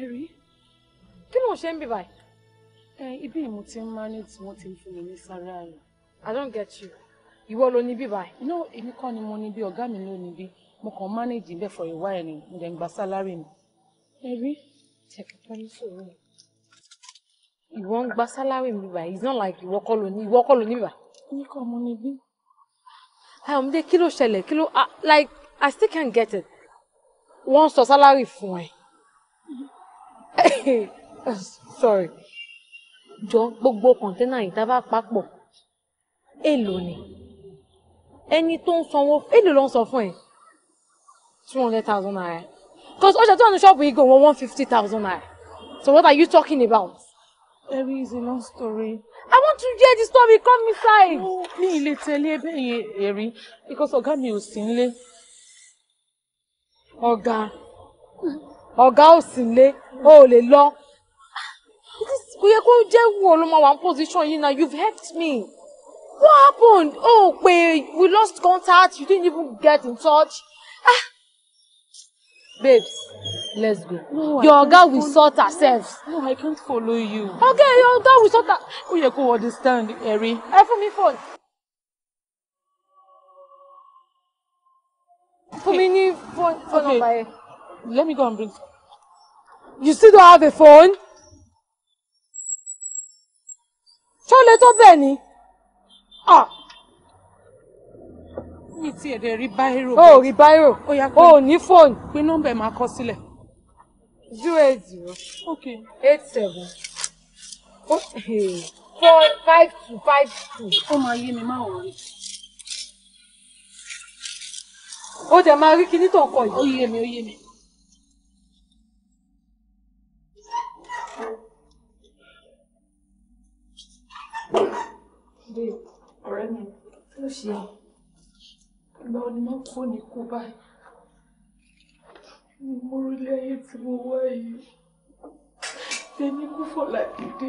Ẹ̀rí. Kí ló ń ṣe ń bì báyìí? Ẹ ibi ìmú ti ń máa ní tí wọ́n ti ń fún mi ní sáré ààrẹ. I don't get you. Ìwọ ló ní bí báyìí. No, èmi kọ́ ni mo ní bí ọ̀gá mi ló ní bí. Mo kàn manage bẹ́ẹ̀ for a while ni mo dẹ̀ ń gba sálárì mi. Ẹ̀rí. Tẹ̀kẹ̀tẹ̀ ní sòrò mi. Ìwọ ń gba sálárì mi báyìí. It's not like ìwọ kọ́ ló ní ìwọ kọ́ ló ní bí báyìí. Èmi kọ́ mo ní bí. Ayọ̀mídé kí ló ṣẹlẹ̀ kí ló ah, like I still can't get it. Wọ́n sọ sálárì fún ẹ. *laughs* sorry jọ gbogbo kọ̀ńténà yìí tá a bá papọ̀ èlò ni ẹni tó ń sanwó èlò ló ń sọ fún ẹ two hundred thousand naira cause ọjà tó wà ní ṣọ́ọ̀bù yìí go wọ́n one fifty thousand naira so what are you talking about. There is a long story. I want to hear the story. Come inside. No, mi ì lè tẹ̀lé ẹ bẹ́ẹ̀ yẹn èrí because ọ̀gá mi ò sí nílé. Ọ̀gá ọ̀gá ò sì lé o ò lè lọ kò yẹ kó jẹ́ wo ló máa wà position yìí now you've helped me what happened oh pe we lost contact you didn't even get in touch ah babes let's go no, your oga will sort herself. no i can't follow you. okay your oga will sort her. ó yẹ kó understand ẹ̀rí. ẹ fún mi phone. fún mi ní phone number yẹn. Let me go and bring. You still don't have a phone? Ṣé o Benny. Ah! Mi ti ẹ̀dẹ̀ rí báírò. Oh rí Oh O yà pé. O ní fóònù. Pé nọ́mbà ẹ̀ máa Zero zero. Okay. Eight seven. hey. Four five two five two. Ó máa yé mi máa wọ̀nyí. Ó dẹ̀ máa rí kinní tó ń kọ yìí. Ó yé mi, ó yé mi. babe ọ̀rẹ́ mi ló ṣe ìgbà wo ni mo kú ní kú báyìí mo rí ilé ayé tí mo wá yìí tẹ́ni kú fọ̀lá dìde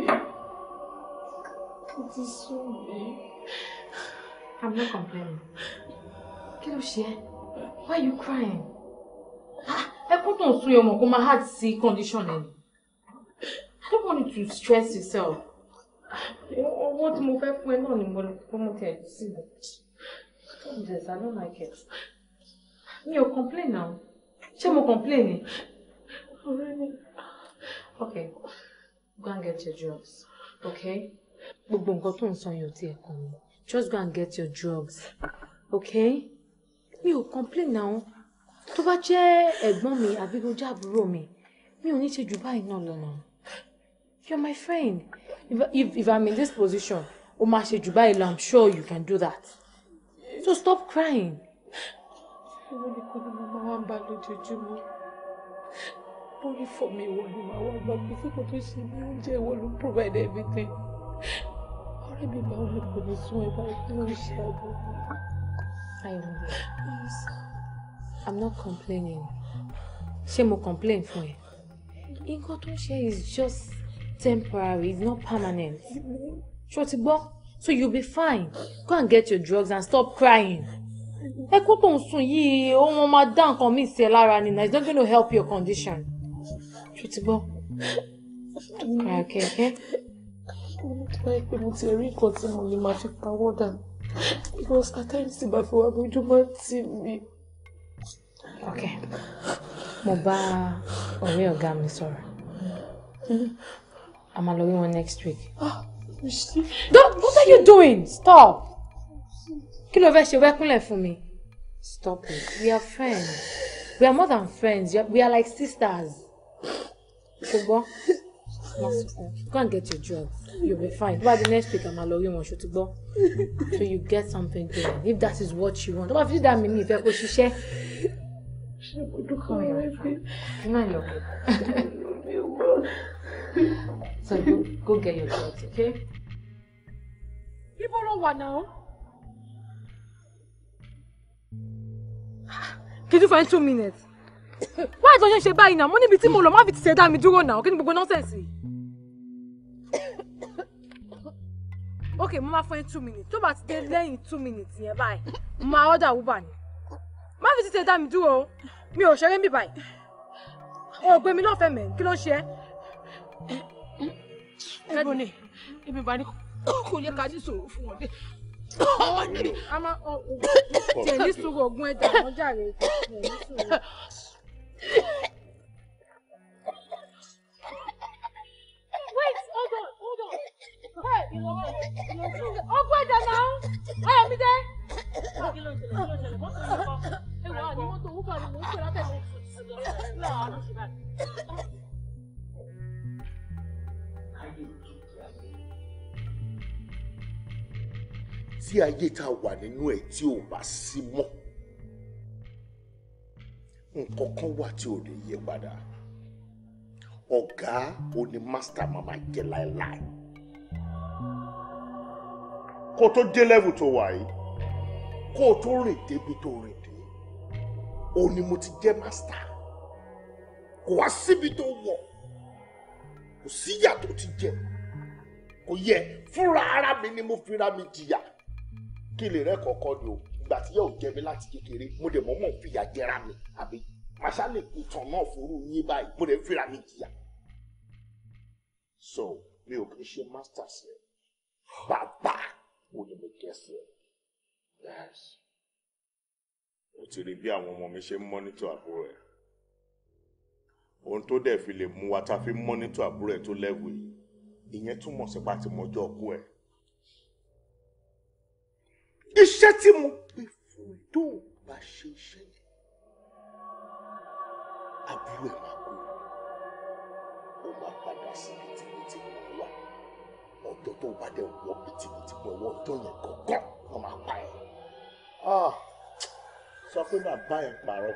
ó ti sún mi. I'm not complaining. Kí ló ṣe Why are you crying? Ah, Ẹkún tó ń sún yẹn mọ̀ kó máa heart sí condition ẹ̀ ni. I don't want you to stress yourself owó tí mo fẹ́ fún ẹ náà ni mo kó mo tiẹ̀ jù sílẹ̀ stop this i don't like it mi ò complain now ṣé mo complain ni ọ̀rẹ́ mi okay go and get your drugs okay gbogbo nǹkan tó ń sọ yóò tiẹ̀ kàn mí just go and get your drugs okay mi ò complain now tó bá jẹ́ ẹ̀gbọ́n mi àbí kó jẹ́ àbúrò mi mi ò ní ṣe jù báyìí náà lọ́nà you're my friend if, if, if I'm in this position, o máa ṣe jù báyìí lọ, I'm sure you can do that. So stop crying. Ìwọ nìkan ni mo máa ń bá lójoojúmọ́. Bóyá fọ́ mi ìwọ ni màá wá gbà pé sípò tó ṣe mí oúnjẹ ìwọ ló provide everything. Ọ̀rẹ́ mi bá omi kò ní sún ẹ báyìí kí ló I'm not complaining. Ṣé mo complain fún ẹ? Nǹkan tó ń ṣe is just temporary it's not permanent ṣó ti gbọ́ so you'll be fine go and get your drugs and stop crying ẹkún tó ń sùn yìí òun máa dá it's not going to help your condition ṣó ti gbọ́ kàrà kẹ̀kẹ́. Okay, okay. ẹ pé mo ti rí nǹkan tí mo lè máa fi pawọ́ because at times ti bá fi wá bójú máa tì mí. ok mo bá I'm allowing one next week. Oh, Don't, what are you doing? Stop. Kí ló fẹ́ ṣe wẹ́kúnlẹ̀ fún mi? Stop it. We are friends. We are more than friends. We are like sisters. Ṣùgbọ́n. Go and get your job. You'll be fine. By the next week, I'm allowing one to go. So you get something going. If that is what you want. What if that means if I go ṣiṣẹ́? Come on, my friend. Come on, So go, go get your clothes, okay? People don't want now. Can you find two minutes? Why don't you ṣe báyìí now? Money between tí mo lọ, má me do ṣe dá mi dúró náà. Kí ni Okay, mo find fún yín two minutes. Tó bá ti dé lẹ́yìn two minutes yẹn báyìí, mo máa ọ́dà Uber ni. Má me ti ṣe Me mi dúró. Mi ò ṣeré mi báyìí. O ò gbé mi lọ́fẹ̀ẹ́ ẹ̀bùn ni èmi bá ní kò yẹ ká ní sọ̀rọ̀ fún wọn dé. a máa tẹ̀ ní sùúrù ogún ẹ̀dá wọn jàre tẹ̀ ní sùúrù. wait hold on hold on hey ìwọ̀n ogún ẹ̀dá náà ọ̀yọ̀ mi dé. kí ló ń ṣẹlẹ̀ kí ló ń ṣẹlẹ̀ mọ́tò yìí kọ́ ẹ̀wọ̀n àní mọ́tò òwúkọ̀ ni mò ń pè látẹ̀lé. tí ayé tá a wà nínú ẹ̀ tí ò bá sí mọ́ nǹkan kan wà tí ò lè yẹ padà ọ̀gá òní mástà màmá jẹ́ láéláé kó tó dé lẹ́vù tó wà yìí kó tó rìn débi tó rìn dé òní mo ti jẹ́ mástà kò wá síbi tó wọ̀ kò síyà tó ti jẹ kò yẹ fúnra ara mi ni mo fira mi jìyà gèlè rẹ kọ̀ọ̀kan ni o ìgbà tí yóò jẹ mi láti kékeré mo dẹ̀ mọ́mọ́ fìyà jẹra mi àbí màṣá lè náà fòrú yín báyìí mo dẹ̀ fìra mi jìyà. so mi ò kì í ṣe masters rẹ bàbá wo ni mo jẹ sí ẹ. mo ti rí bí àwọn ọmọ mi ṣe ń mọ́nítọ̀ àbúrò ẹ̀ ohun tó dẹ̀ fi lè mú wa ta fi mọ́nítọ̀ àbúrò ẹ̀ tó lẹ́wù yìí ìyẹn túmọ̀ sí mọ́jọ́ ọkú ẹ̀ iṣẹ́ tí mo gbé fún ẹ tó bá ṣe iṣẹ́ yẹn àbúrò ẹ̀ máa kú ó máa padà síbi tí mo ti mọ̀ wá tó bá dẹ̀ wọ́ bí tí mo wọ́ ọjọ́ yẹn kankan wọ́n máa pa ẹ̀ ah, sọ pé bàbá ẹ̀ pààrọ̀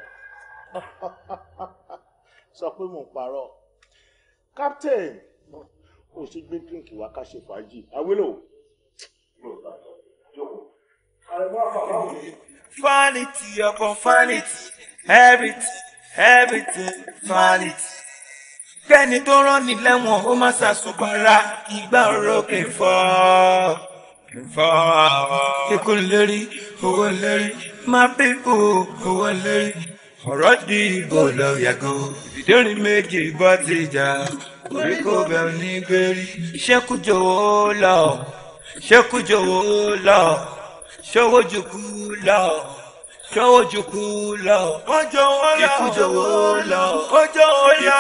*laughs* sọ pé mò ń captain ò sì gbé dínkì wá ká ṣe fàájì awélò. Vanity upon vanity, everything, everything, vanity. Kẹ́ni tó rán ni lẹ́wọ̀n ó má ṣàṣùpara ìgbà òrókè fọ́. Ikú lérí, owó lérí, my people, owó lérí. Ọ̀rọ̀ di ìbò lọ yàgò, ìdérí méjì bọ́ ti jà. Orí kò bẹ̀rù ní gbérí. Ṣé kú jọ̀wọ́ lọ? Ṣé kú jọ̀wọ́ lọ? ṣòro jù kú lọ ṣòro jù kú lọ. wọ́n jọ wọ́n lọ lọ. wọ́n jọ wọ́n lọ lọ. ikú jọ lọ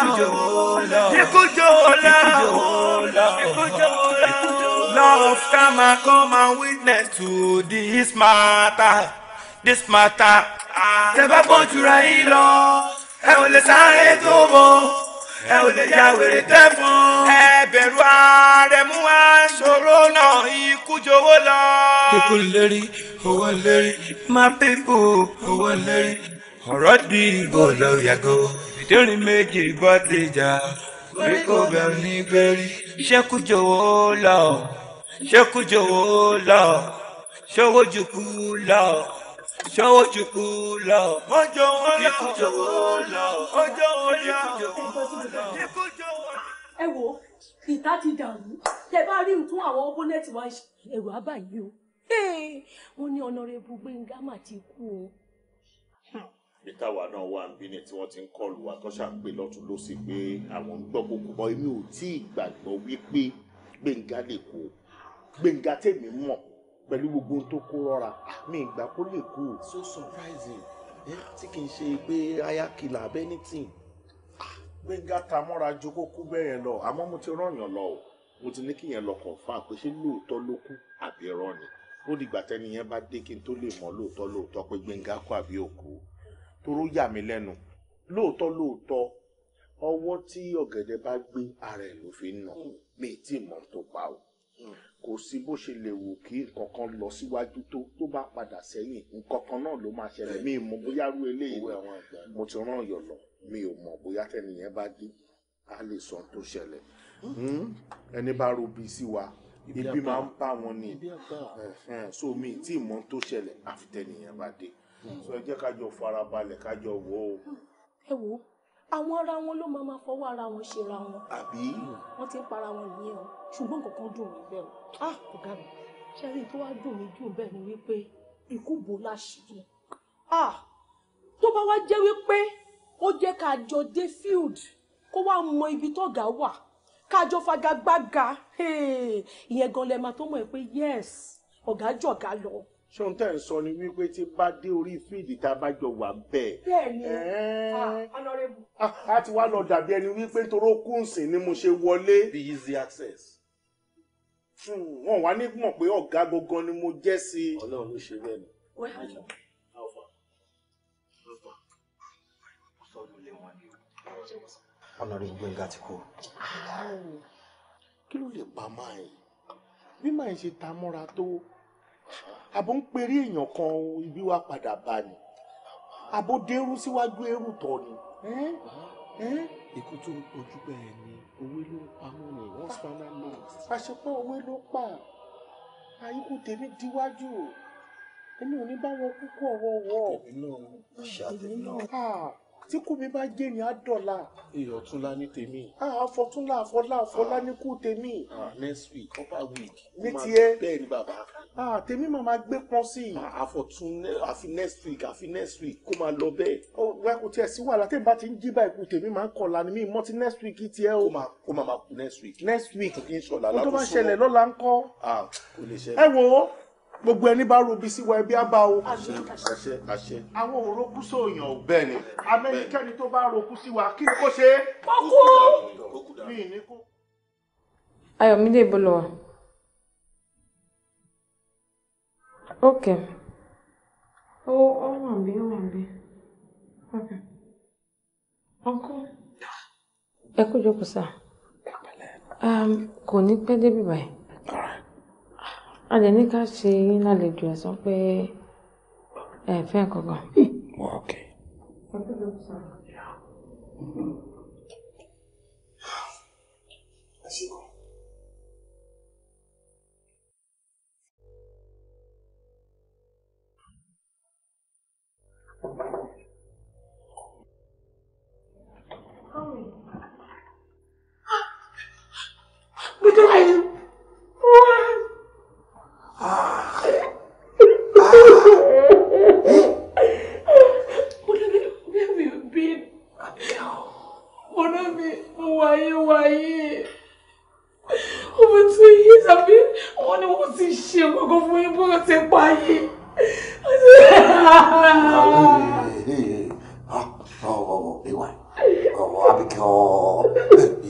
ikú jọ lọ. Love come and come and witness to this matter, this matter. Tẹ́ bá gbọ́n jura yín lọ, ẹ ò lè sáré tó bọ̀ ẹ ò lè ya wèrè tẹ́fọ̀n. ẹ bẹ̀rù ààrẹ mú wá ṣòro náà ikú jọ̀wọ́ lọ. People lady, oh well lady, my people, oh well lady. Ọ̀rọ̀ di ìbò lọ yàgò, ìdórí méjì bá ti jà. Orí kò bẹ̀rù ní bẹ́rí. Ṣẹ́kù jọ̀wọ́ lọ, ṣẹ́kù jọ̀wọ́ lọ, ṣọwọ́ jùkú lọ, ṣọwọ́ jùkú lọ. Ọjọ́ wọn lọ, ṣẹ́kù jọ̀wọ́ lọ, ọjọ́ wọn lọ, ṣẹ́kù jọ̀wọ́ lọ. Ẹ wo, ìta ti dàrú, tẹ bá rí nǹkan àwọn opponent wa ẹ̀rù á bàyí o wọ́n ní ọ̀nàrẹ́bù Gbẹ́ngà mà ti kú o. Hmm. bí táwa náà wà ń bí ni tí wọ́n ti ń kọlù wa tó ṣàpè lọ́tún ló sì pé àwọn gbọ́ kókó mọ́ èmi ò tí ì gbàgbọ́ wípé Gbẹ́ngà lè kú Gbẹ́ngà tèmi mọ̀ pẹ̀lú gbogbo ohun tó kó rọra mi ìgbà kó lè kú o. so surprising tí kì í ṣe pé ayakila abẹ́ ní tì. Gbẹ́ngà ta mọ́ra ju kókó bẹ́ẹ̀ lọ àmọ́ mo ti rán yàn lọ o mo ti ní kíyàn lọ confam pé ṣé lóòótọ́ ló kú àbí irọ́ ó dìgbà tẹ́ni yẹn bá dé kí n tó lè mọ̀ lóòótọ́ lóòótọ́ pé Gbénga kú àbí òkú toró yà mí lẹ́nu lóòótọ́ lóòótọ́ ọwọ́ tí ọ̀gẹ̀dẹ̀ bá gbé ara ẹ̀ ló fi nà mí tí mọ̀ tó pa o kò sí bó ṣe lè wò kí nǹkan kan lọ síwájú tó tó bá padà sẹ́yìn nǹkan kan náà ló máa ṣẹlẹ̀ mí mọ̀ bóyá rú eléyìí mo ti rán ọ̀yọ̀ lọ mi ò mọ̀ bóyá tẹ́ni bá dé a lè sọ tó ṣẹlẹ̀ hmm? ẹni bá rò bí sí wa ibi máa ń bá wọn ni so mi tí ìmọ̀ tó ṣẹlẹ̀ àfitẹ́nìyàn bá dé so ẹ jẹ́ ká jọ farabalẹ̀ ká jọ o, ó. ẹ wo àwọn ara wọn ló máa máa fọwọ́ ara wọn ṣe ra wọn. àbí. wọ́n ti ń para wọn nìyẹn o ṣùgbọ́n nǹkan kan dùn mí bẹ́ẹ̀ o. ah ọ̀gá mi ṣẹ́rí tó wá dùn mí jù bẹ́ẹ̀ ni wípé ikú bò láṣìírí. ah tó bá wá jẹ́ wípé ó jẹ́ ká jọ dé field kó wá mọ ibi tọ́gà wà kájọ fagagbága ìyẹn gan lẹ́ẹ̀ma tó mọ̀ ẹ́ pé yes ọ̀gá jọ̀gá lọ. ṣé ohun tẹ́ ń sọ ni wípé tí bá dé orí fíìdì tá a bá jọ wà bẹ́ẹ̀. bẹ́ẹ̀ni ah, honorable. Ah, a ti wá lọ dàbí ẹni wípé toró kùnsìn ni mo ṣe wọlé. the easy access. Hmm, wọn wá ní mọ̀ pé ọ̀gá gangan ni mo jẹ́ sí i. ọlọ́run ló ṣe bẹ́ẹ̀ ni. Alpha. Alpha ọ̀nàrẹ́ gbẹ̀ngà ti kú. kí ló lè pa máa yìí bí máa ṣe ta mọ́ra tó àbò ń perí èèyàn kan ibi wa padà bá ni àbò dérú síwájú eérú tọ̀ ni. ikú tó ń pojú bẹ́ẹ̀ ni owó ló ń pamọ́ ni wọ́n spanner notes. àṣepọ̀ owó ló pa àyíkú tèmi díwájú èmi ò ní bá wọn kúkú ọwọ́ wọ. èmi náà tí kú mi bá jẹ́ ni á dọ̀la. ìyọ̀ túnlá ní tèmi. àfọ̀túnlá àfọ̀lá àfọ̀lá ní kú tèmi. next week upper week. ní tiẹ̀ bẹ́ẹ̀ ni bàbá. tèmi màmá gbé pọ́n sí i. àfọ̀tún àfi next week àfi next week kó máa lọ bẹ́ẹ̀. ó wẹ́ kò tiẹ̀ sí wàhálà tèmi bá ti ń jí báyìí kú tèmi máa ń kọ̀ lánàá mi mọ́ ti next week tiẹ̀ o. kó máa máa kú next week. next week. kí n sọ̀lá lábùsùn. ó tó bá ṣẹlẹ̀ lọ́la ńkọ́. kò lè ṣẹlẹ̀. ẹ wo gbogbo ẹni bá robi sí wa ẹbí á o. àṣẹ àṣẹ. àwọn òrokú sóòyàn o. bẹ́ẹ̀ni amẹnikẹni tó bá rokú sí wa kí ni kò ṣe. kókó mi ní ayọ̀mídé ibo ok ó ó wà bí ó wà bí ok ọkọ ẹ kó jókòó sá um, kò ní pẹ́ débi báyìí a lè ní ká ṣe yín lálejò ẹ̀ sọ pé ẹ fẹ́ kankan. wọ́n *laughs* ok. How are wà yìí over two years àbí wọ́n ní wọ́n ti ṣe gbogbo fún yín bóyá ti pa yìí. ìwà ọwọ́ abike ọ̀ọ́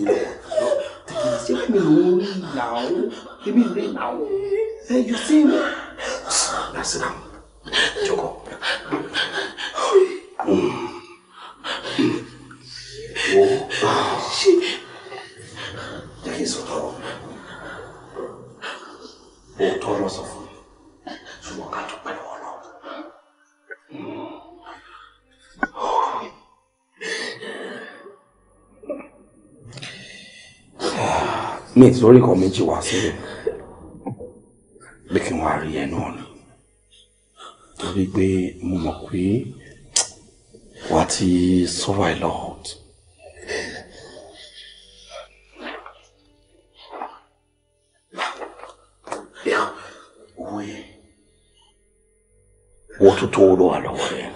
ilé wọn tẹ̀lé ṣé mi rí ìyàwó èmi ò ìyàwó ẹ yọ sí ìwọ. Now sit down. Jókòó. tọrọ sọ fún mi ṣùgbọ́n ká dúpẹ́ lọ́wọ́ náà. mi ìsórí kan méjì wá sílẹ̀ pé kí n wá rí ẹ náà torí pé mo mọ̀ pé wàá ti sọ́wọ́ ẹ lọ́wọ́. tó ló wà lọ́wọ́ rẹ̀.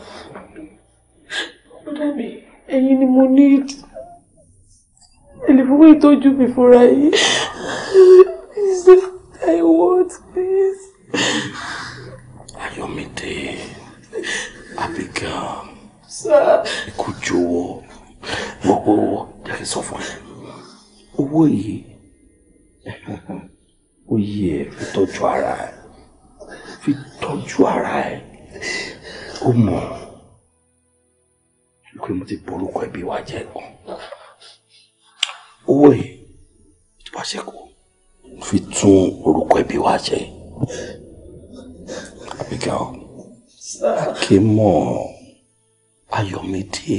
ọ̀dọ́ mi ẹ̀yin ni mo ní ìlúfúnwé ìtọ́jú mi fúnra yìí I want this. Ayọ̀mídé Abigail ikú jọ̀wọ́ gbogbo jẹ́ kí n sọ fún ẹ owó yìí *laughs* ó yẹ fi tọ́jú ara ẹ fi tọ́jú ara ẹ ó mọ̀ pé mo ti borúkọ ẹbí wa jẹ́ gan owó yìí tó bá ṣẹ́kù fi tún orúkọ ẹbí wa ṣe Abigail Akemọ Ayọ̀mídé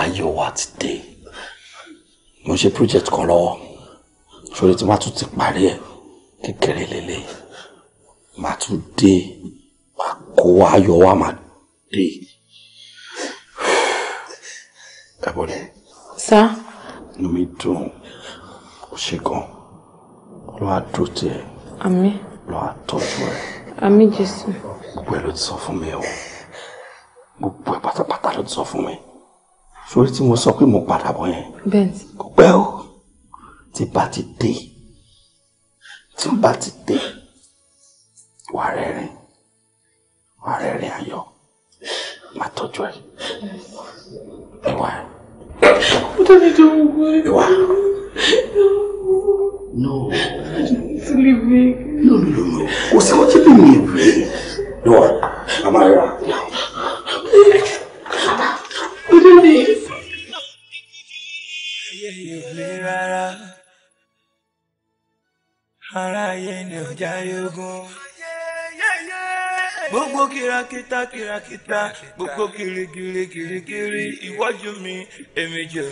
Ayọ̀wátidé mo ṣe project kan lọ́wọ́ sórí tí wọ́n tún ti parí ẹ̀ kékeré lele, màá tún de màá kó ayọ̀ wa màá Hey. Abọ́lé. Sá. Inú mi dùn. Ó ṣe gan. Lọ́ á dúró tì ẹ́. Àmín. Lọ́ á tọ́jú ẹ. Àmín Jésù. Gbogbo ẹ ló ti mi o. Gbogbo ẹ pátápátá ló ti sọ fún mi. Sórí tí mo sọ pé mo padà bọ̀ yẹn. Bẹ́ẹ̀ni. Kò o. Tí bá ti dé. Tí bá ti dé. Wà rẹ́rìn. Wà rẹ́rìn ayọ̀ máa tọ́jú ẹ ìwà ẹ. mo tẹ́lẹ̀ tó ń gbọ́ ẹ. ìwà. no. to leave me. no no no no kò sí wọ́n ti lè mi ìwé. ìwà a máa yọ. mo tẹ́lẹ̀ mi. Ara yẹn ni ọjà yóò gún gbogbo kìràkìtà kìràkìtà gbogbo kirikiri kirikiri iwájú mi èmi jẹ.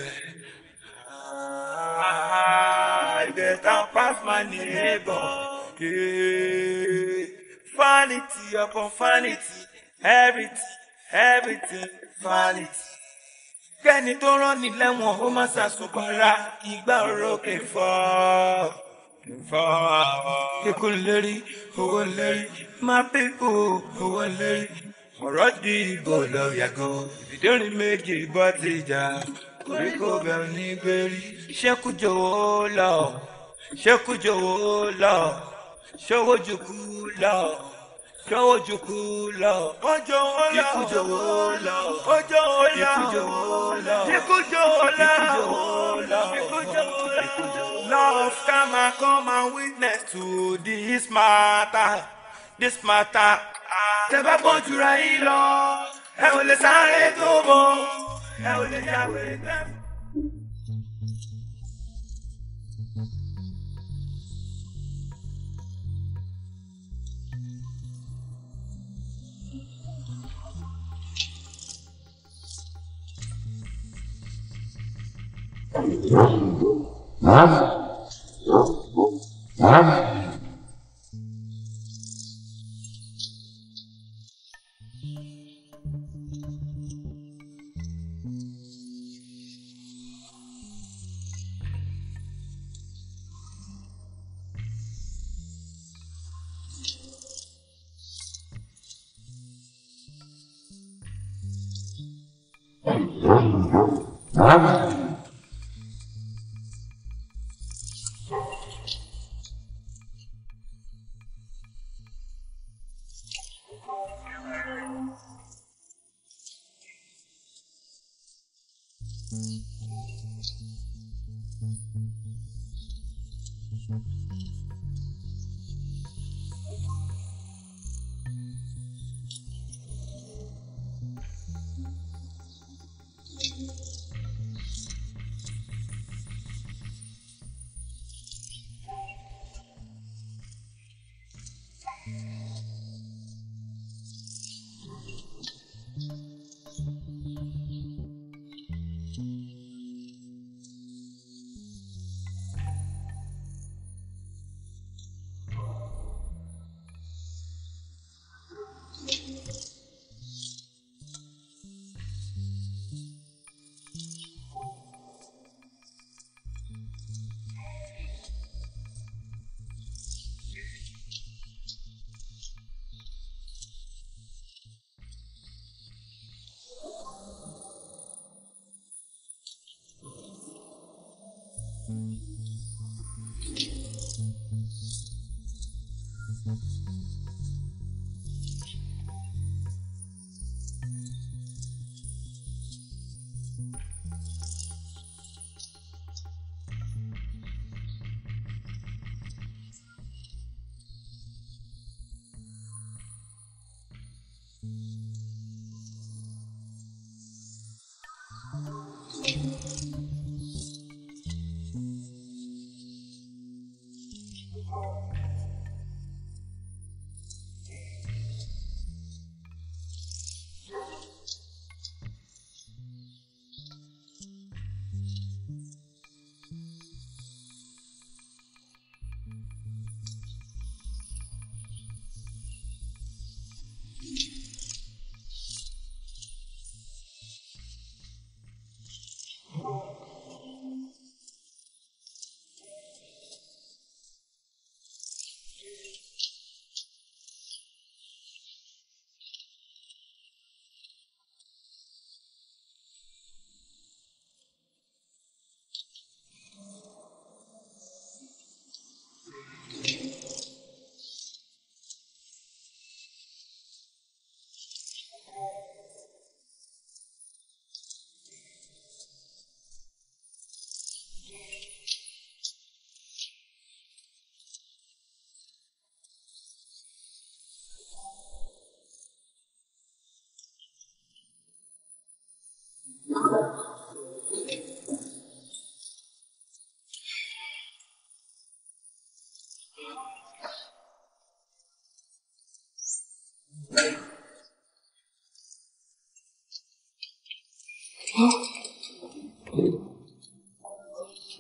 I better pass my neighbor. Yeah. Vanity upon vanity, everything, everything vanity kẹ́ni tó rán ni lẹ́wọ̀n ó má ṣàṣùpara ìgbà òrókè fọ́. Ikun lérí, owó lérí, my people, owó lérí. Ọ̀rọ̀ di ìbò lọ yàgò, ìdérin méjì bọ́ ti jà. Koríko bẹ̀rù ní gbérí. Ṣẹ́kù jọ̀wọ́ lọ, ṣẹ́kù jọ̀wọ́ lọ, ṣọwọ́ jùkú lọ jọ̀wọ́ jùkú lọ. ọjọ́ wọn lọ ikú jọ̀wọ́ lọ. ọjọ́ wọn lọ ikú jọ̀wọ́ lọ. ikú jọ̀wọ́ lọ. ikú jọ̀wọ́ lọ. ikú jọ̀wọ́ lọ. Love come and come and witness to this matter. This matter. Tẹ́ bá pọ̀ jura yín lọ, ẹ ò lè sáré tó bọ̀, ẹ ò lè yàwé tẹ́. Thank Ah? Ah?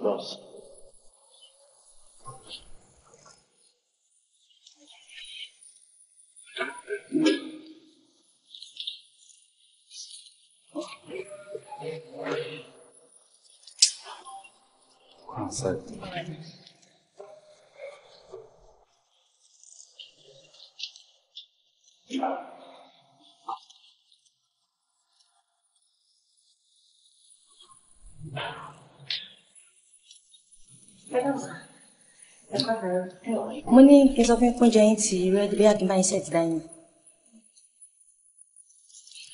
Nossa. Nossa. kí n sọ fún pín jẹyìn tí rẹ́dí bí àkínbá yín ṣẹ̀tì dáyìn.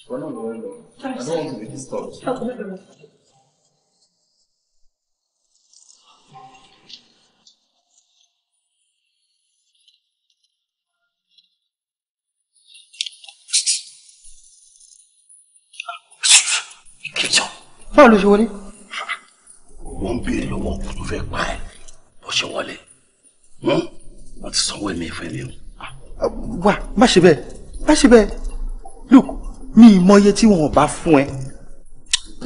Wọ́n náà lọ́wọ́ lọ. I don't want to be disturbed. Báwo ló ṣe wọlé? Wọ́n ń béèrè lọ́wọ́ kó tó fẹ́ pa ẹ́ bó ṣe wọlé sọwọ́ ẹ̀mí ẹ̀fọ́ ẹ̀mí o. wà má ṣe bẹ́ẹ̀ má ṣe bẹ́ẹ̀ look mi ì mọye tí wọn ò bá fún ẹ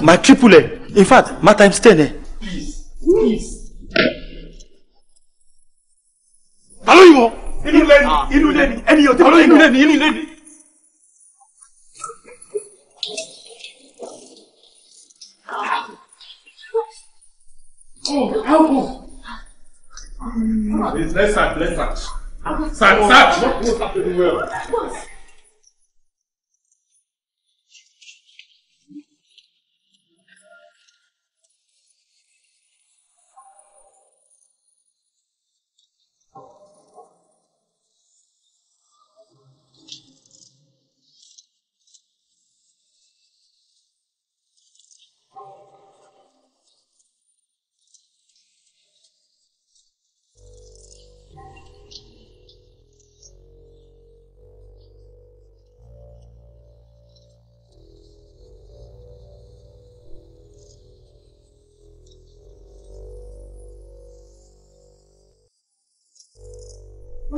máa triple ẹ in fact my times ten ẹ. Sam, Sam! What's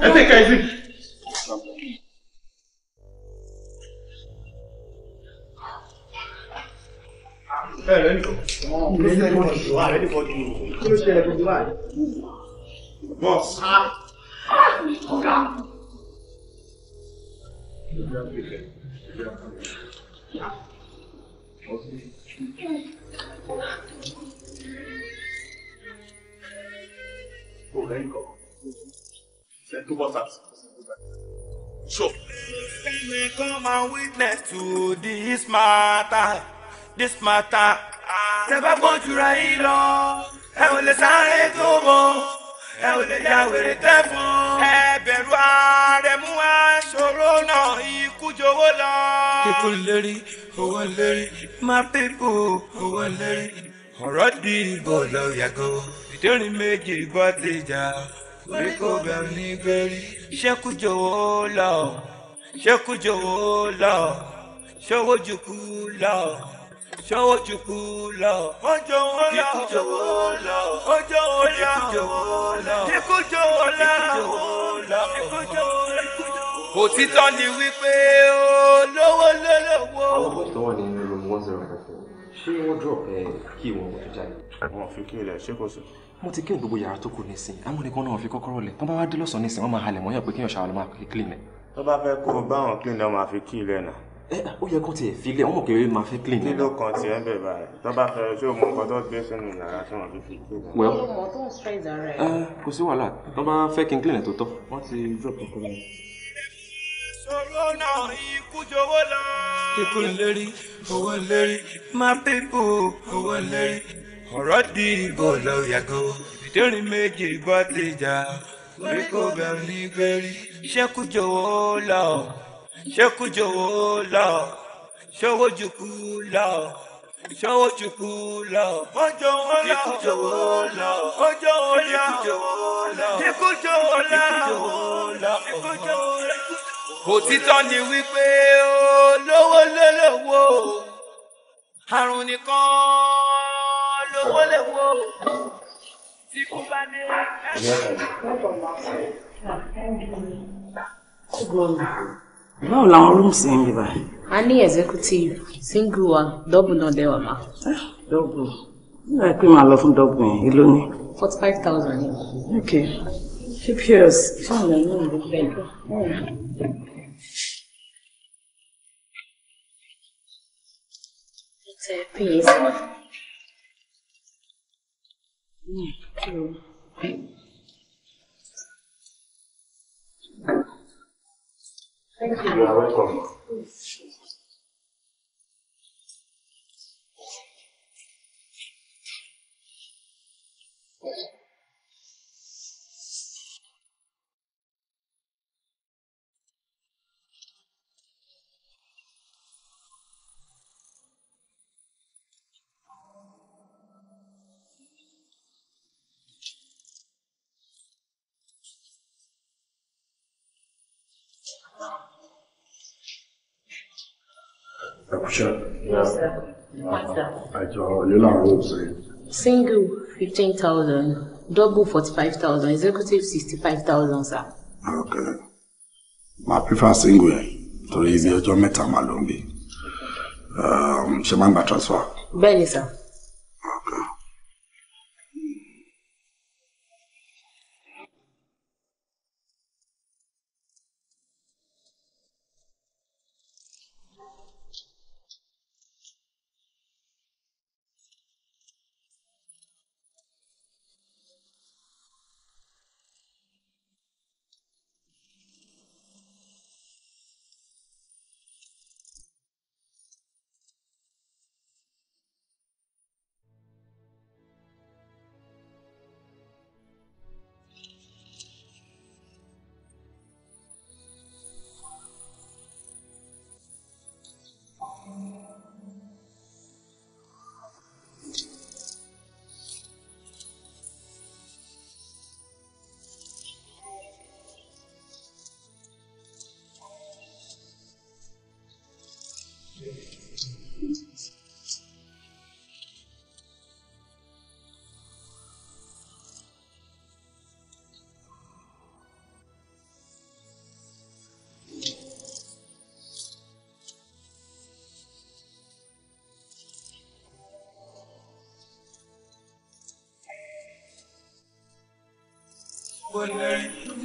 ẹ tẹ ká ẹsẹ. ẹ rẹ nìkan. ọmọ mi ló ń bọ̀ jù wá rẹ nìkan jù. kí ló ṣe ẹ̀ bọ̀ jù wá rẹ. bọ́ọ̀sì. witness to this matter this matter. tẹ bá gbọ́n jura yín lọ ẹ ò lè sáré tó bọ̀ ẹ ò lè ya wèrè tẹ́ fún. ẹ bẹ̀rù ààrẹ mú wá ṣòro náà ikú jọ̀wọ́ lọ. kíkún lérí owó lérí mátẹ́kù owó lérí ọ̀rọ̀ di ìbò lọ́yàgò ìdérin méjì bọ́ ti jà orí kò bẹ̀rù ní gbèrí iṣẹ́ kú lọ. Shokujoo law, Showojuku law, Showojuku law. Ojowo law, Ojowo law, Ojowo law, Ojowo law, Ojowo law, Ojowo law. Òtítọ́ ni wípé olówó lọ́lọ́wọ́. Àwọn bọ́ọ̀sì tó wà ní room one zero five four ṣé wọ́n drop eh, kí wọ́n wọ́n tó jáde? Àwọn òfin kí ilẹ̀ ṣé kò sí mo ti kí n gbogbo yàrá tó kù nísìnyí àwọn nìkan náà fi kọ́kọ́rọ́ lẹ̀ tó bá wá dé lọ́sàn-án nísìnyí wọ́n máa halẹ̀ mọ́ yàn pé kéèyàn ṣàwọn ló máa clean ẹ̀ tó bá fẹ́ kó o bá àwọn clean náà máa fi kí ilẹ̀ náà. ẹ ó yẹ kó tiẹ̀ fi ilé ọmọ kẹwé máa fẹ́ clean. kí ló kàn tiẹ̀ ń bẹ̀ báyìí tó bá fẹ́ ṣé o mọ nǹkan tó gbé sínú yàrá tí wọ́n fi fi kí ilẹ̀. wẹ́ẹ́ ọmọ tó ń stress ara ẹ̀. ẹ kò sí wàhálà tó bá fẹ́ kí n clean ẹ̀ tó tọ́ wọ́n ti drop ọkọ mi. sọ̀rọ̀ náà ikú jọ̀wọ́ lọ. ikú lérí owó lérí my people owó lérí ọ̀rọ̀ oríkò bẹ̀rù ní gbérí ṣẹ́kù jọ̀wọ́ là ọ́ ṣẹ́kù jọ̀wọ́ là ọ́ ṣọwọ́ jùkú là ọ́ ṣọwọ́ jùkú là ọ́ ọjọ́ wọn là ọ́ jọ̀wọ́ là ọ́ ọjọ́ wọn là ọ́ jọ̀wọ́ ṣẹ́kù jọ̀wọ́ là ọ́ ṣẹ́kù jọ̀wọ́ là ọ́. òtítọ́ ni wípé olówó lélówó àrùn nìkan lówó lè wo tí kú bá dé. báwo làwọn rooms yẹn bí báyìí. a ní executive single wa double náà dẹ́wà máa. Eh, double nígbà pé màá lọ fún double yẹn èló ni. forty five thousand. ok keep fún ọ̀nà náà ló bẹ̀rẹ̀. It's a PSA. 你好，欢迎光临。Akusha. Yeah. Yes, sir. What's that? I told you Single fifteen double 45.000 five thousand, executive 65.000 sir. Okay. Ma prefer single yẹn torí ibi ọjọ́ mẹ́ta máa ló ń bí. Ṣé máa ń transfer? Bẹ́ẹ̀ni sir.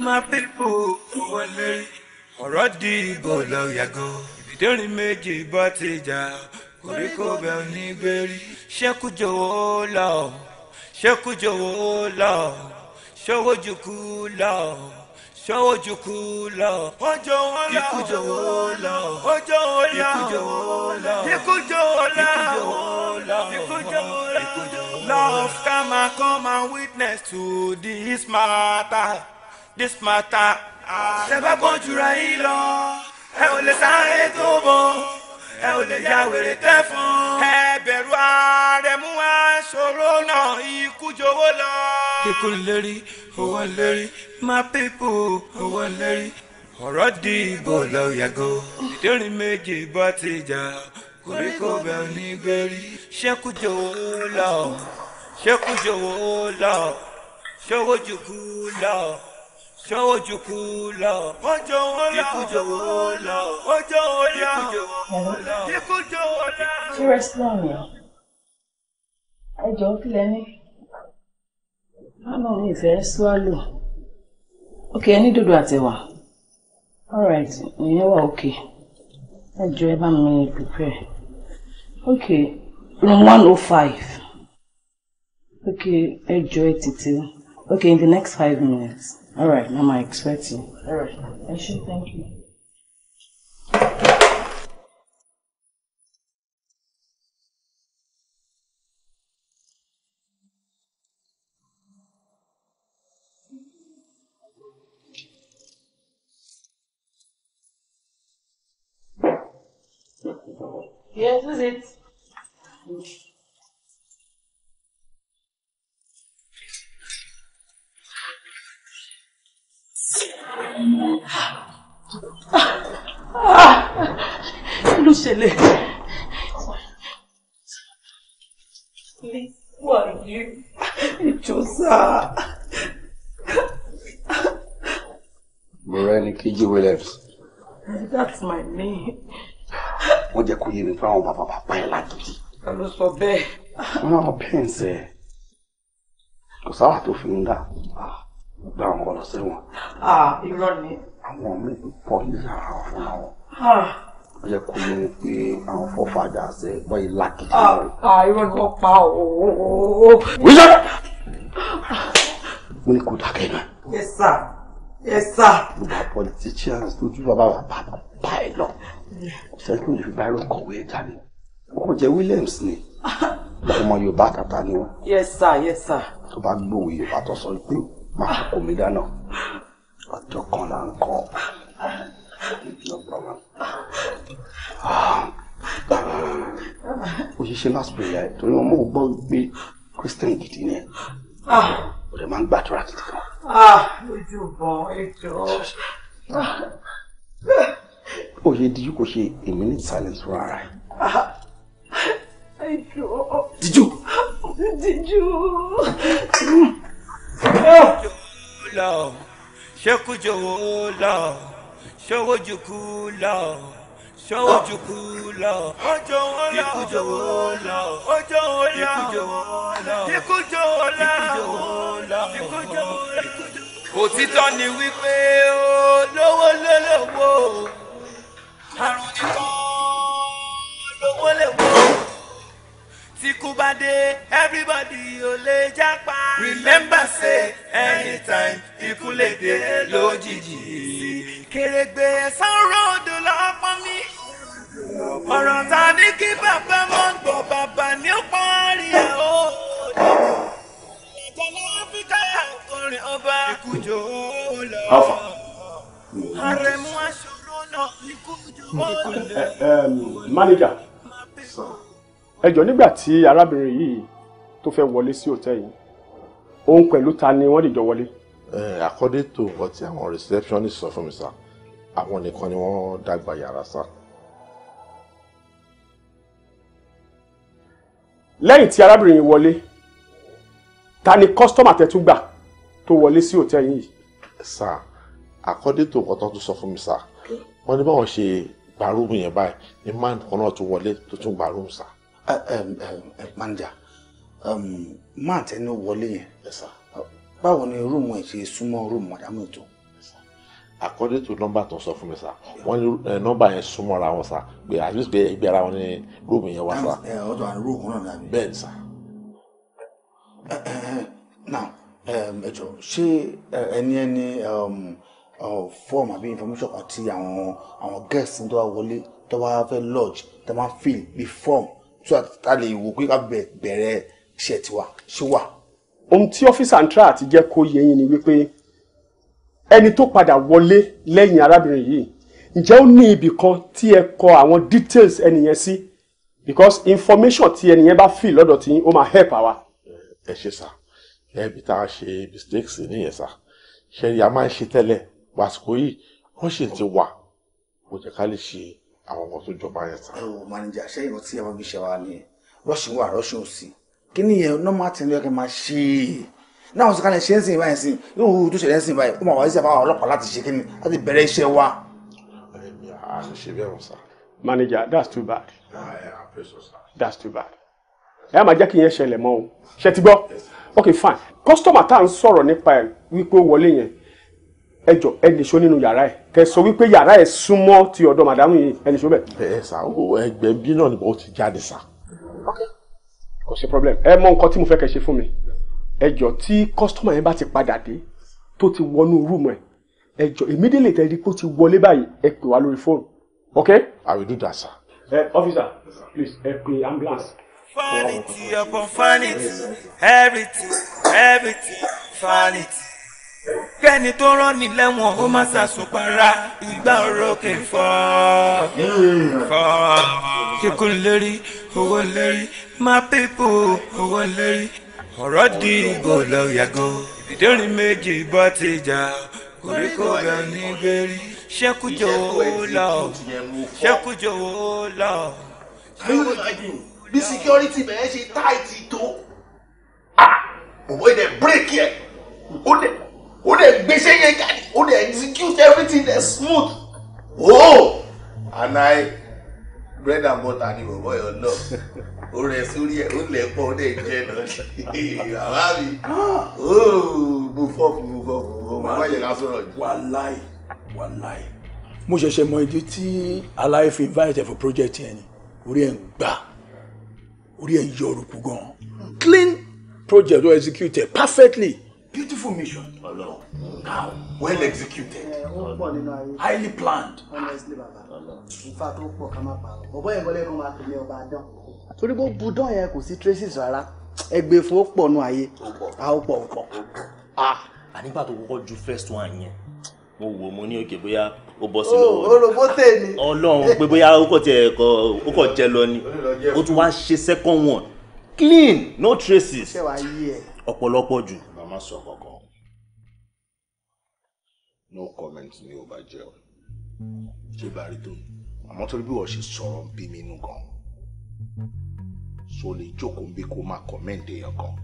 my people ọ̀rọ̀ di ìbò lọ yàgò ìbídẹ́rìn méjì bá ti jà koríko bẹ̀ ní gbèrí ṣẹ́kù jọ̀wọ́ là ọ́ ṣẹ́kù jọ̀wọ́ là ọ́ ṣọwọ́ jùkú là ọ́ ṣọwọ́ jùkú là ọ́ ọjọ́ wọn là ọ́ ikú jọ̀wọ́ là ọ́ ọjọ́ wọn là ọ́ ikú jọ̀wọ́ là ọ́ ikú jọ̀wọ́ là ọ́ ikú jọ̀wọ́ là ọ́ love come and come and witness to this matter this matter. Ah, ṣe bá gbọ́n jura yín lọ ẹ ò lè sáré tó bọ̀ ẹ ò lè ya wèrè tẹ́ fún. ẹ bẹ̀rù ààrẹ mú wá ṣòro náà ikú jowó lọ. ikú lérí owó lérí my people owó lérí ọ̀rọ̀ di ìbò lọ yàgò ìdérin méjì bọ́ ti jà koríko bẹ̀ ò ní gbérí ṣẹ́kù jọ̀wọ́ là ọ́ ṣẹ́kù jọ̀wọ́ là ọ́ ṣọwọ́ jùkú là ọ́ ṣọwọ́ jùkú là ọ́ wọ́n jọ̀wọ́ là ọ́ ikú jọ̀wọ́ là ọ́ wọ́n jọ̀wọ́ là ọ́ ikú jọ̀wọ́ là ọ́. ṣé rẹ́sítọ́ràn yẹn ẹ jọ kílẹ̀ ní mọ́mọ́ ìfẹ́ swallow ok ẹ ní dòdò all right ìyẹn wà ok ẹ jọ ẹ bá mi prepare okay room one oh five okay enjoy it too. okay in the next five minutes all right mama i expect you all right I should thank you. Yes, is it. Kí ló ṣẹlẹ̀? Ìjọsà. Moreni Kiji Williams. That's my name wọ́n jẹ́ kó yé mi pé àwọn bàbá bàbá ẹ̀ lágídí. ẹ ló sọ bẹ́ẹ̀. wọ́n náà bẹ́ẹ̀ ń sẹ́ ẹ̀ kò sáwà tó fi ń dà ah, gba àwọn ọ̀rọ̀ sẹ́wọ̀n. Ah, irọ́ ni. àwọn mi pọ̀ yíyára fún àwọn. Ah. wọ́n jẹ́ kó yé mi pé àwọn fọ́fàdà ṣe gbọ́ yìí lágídí. irọ́ ni wọ́n pa òwò. wíṣọ́ mo ní kó dákẹ́ náà. yes sir yes sir. gbogbo politicians lójú bàbá bàbá bàbá ẹ̀ lọ kò sẹ́ni tó lè fi báyìí lọ kọ̀wé ẹ̀ jáde wọ́n jẹ́ Williams ni ọmọ Yorùbá tata ni wọ́n. yes sir yes sir. tó bá gbòòwò Yorùbá tó sọ pé máa kó mi dáná ọjọ́ kan là ń kọ́ òṣìṣẹ́ ah, last prayer torí wọn mọ̀ ọ́ gbọ́ pé Christian gidi ni ẹ̀ ó lè máa ń gbàdúrà gidi kan. lójú ah, bọ̀ ẹjọ́. Ah ó did you? kò ṣe a minute silence right? I Did Did you? you? you? you? you? fún ara ẹ. you? Ah, díjú. lọ ṣekújòwò lọ ṣòwòjùkú lọ ṣòwòjùkú you? ikújòwò lọ ikújòwò lọ ikújòwò lọ ikújòwò lọ. òtítọ́ you? wípé ó lówó lólobó àrùn nìkan lówó lè wò tí kú bá dé everybody ò lè jápa. remember say anytime ikú lè dé lójijì. kèrègbè sọ́rọ́ odò lọ́pọ̀ mi ọ̀rọ̀ ta ní kí bàbá mọ̀ gbọ́ bàbá ní ó parí ẹ̀ ó ìjọba áfíríkà akọrin aṣọ manager ẹ jọ̀ọ́ nígbà tí arábìnrin yìí tó fẹ́ wọlé sí òtẹ́ yìí òun pẹ̀lú ta ni wọ́n dìjọ wọlé. according to nǹkan tí àwọn receptionist sọ fún mi sá àwọn nìkan ni wọ́n dàgbà yàrá sá. lẹ́yìn tí arábìnrin yìí wọlé ta ni kọ́sítọ́mà tẹ́tún gbà tó wọlé sí òtẹ́ yìí. sá according to nǹkan tó tún sọ fún mi sá wọ́n ní báwọn ṣe gba yẹn báyìí ní man kan náà tún wọlé tó tún gba sá. ẹ ẹ ẹ manja um, man wọlé yẹn báwo ni rúùmù ẹ ṣe súnmọ́ rúùmù màdámù ètò. according to nọ́mbà tó sọ fún mi sá wọ́n ní nọ́mbà yẹn súnmọ́ ara wọn sá pé at pé ẹgbẹ́ ara wọn ní rúùmù yẹn wá sá. ẹ ọ̀dọ̀ àrùn rúùmù náà dàbí. bẹ́ẹ̀ sá. now um, ẹ jọ ṣé ẹni ẹni. Um, form àbí information kan tí àwọn àwọn guest tó wá wọlé tó wá fẹ́ lodge tó máa fill bí form tó a lè wò pé ká bẹ̀rẹ̀ iṣẹ́ tiwa ṣé wà. ohun tí ọ́fíìsà ń tra àti jẹ́ kó yé yín ni wípé ẹni tó padà wọlé lẹ́yìn arábìnrin yìí ǹjẹ́ ó ní ibì kan tí ẹ kọ àwọn details ẹni yẹn sí because information ti ẹni yẹn bá fill lọ́dọ̀ tí ó máa help àwa. ẹ ṣe sá ẹbí tá a ṣe mistakes nìyẹn sá ṣe ni a máa ń ṣe tẹ́lẹ̀ pàṣípò yìí wọ́n sì ti wà kò jẹ́ ká lè ṣe àwọn ọkọ̀ tó jọba yẹn tán. ẹ wò manager ṣé ìwọ tí ẹ wọ́n fi ṣe wa ni rọ́ọ̀ṣìn wà rọ́ọ̀ṣìn ò kí ni ìyẹn normal thing ló yẹ máa ṣe é náà wọ́n sọ kálẹ̀ ṣe ń sìn báyìí sìn yóò tó ṣẹlẹ̀ ń sìn báyìí ó máa wá sí àbáwọ̀ ọlọ́pàá láti ṣe kí ni láti bẹ̀rẹ̀ iṣẹ́ wa. ẹ̀mí àṣẹ ṣe manager that's too bad. Ah, that's too bad. ẹ máa jẹ́ kí ìyẹn ṣẹlẹ̀ mọ́ o ṣe ti gbọ́ ok fine customer tá à ń sọ̀rọ̀ nípa ẹ̀ wípé ó wọlé yẹn ẹ jọ ẹ nìṣó nínú yàrá ẹ kẹ wípé yàrá ẹ súnmọ́ ti ọ̀dọ̀ màdámù yìí ẹ nìṣó ẹ sá o ẹgbẹ́ bí náà ni ti jáde sá. kò sí problem ẹ mọ nǹkan tí mo fẹ́ kẹ́ ṣe fún mi ẹ tí kọ́sítọ́mà yẹn bá ti padà dé tó ti wọnú rúùmù ẹ ẹ jọ immediately tẹ́ rí pé ó ti wọlé báyìí ẹ pè wá lórí fóònù ok. I will do that sir. ẹ officer please ẹ pè ambulance. vanity upon vanity everything everything vanity kẹ́ni tó rán ni lẹ́wọ̀n ó má ṣàṣùpara ìgbà òrókè fọ́ fọ́ kíkú lérí owó lérí má pépò owó lérí ọ̀rọ̀ di ìgò lọ yàgò ìdérin méjì bọ́ ti jà koríko rẹ̀ ní bẹ́rí ṣẹ́kújọ owó lọ ṣẹ́kújọ owó lọ. bí security bẹ̀rẹ̀ ṣe táìtì tó ah òwe dẹ̀ bírèkì ẹ̀ ó dẹ̀ ó dẹ̀ gbéṣẹ́ yẹn jáde ó dẹ̀ execute everything dẹ̀ smooth oh and I bread and butter ni bọ̀bọ̀ yọ lọ ó rẹ sórí ẹ̀ ó lẹ̀ pọ̀ ó dẹ̀ jẹ́ lọ bàbá mi oh mo fọ́ fún mo fọ́ fún mo máa yẹ lásọ̀rọ̀ jù. wàláì wàláì. mo ṣẹ̀ṣẹ̀ mọ ìdí tí aláì fi invite for project yẹn ni orí ẹ̀ ń gbà orí ẹ̀ ń yọ orúkú gan clean project ó executed perfectly beautiful mission Ọlọ́run now well executed eh, highly planned. honestly baba nfa tó pọ̀ ká má parọ́ bọ̀bọ́ yẹn I'm going to pè ní ọba adán torí bó budán yẹn kò sí traces rárá ẹgbẹ́ fún ó pọ̀ nù ayé a ó pọ̀ pọ̀. ànígbà ah, tó kọ́kọ́ ju first one yẹn mo wò mo ní òkè bóyá ó bọ́ sínú ọ̀rọ̀ olùkọ́ oh, tèmi ọlọ́run pé bóyá ó kọ̀ tiẹ̀ kọ́ ó kọ̀ jẹ lọ ni ó tún wá ṣe second one clean no traces ọ̀pọ̀lọpọ̀ jù má sọ kankan no comment ni ò bá jẹ́ o ṣé bá rí tó àmọ́ torí bí wọ́n ṣe sọ̀rọ̀ ń bí mi inú gan so lè jókòó bí kò máa comment èèyàn kan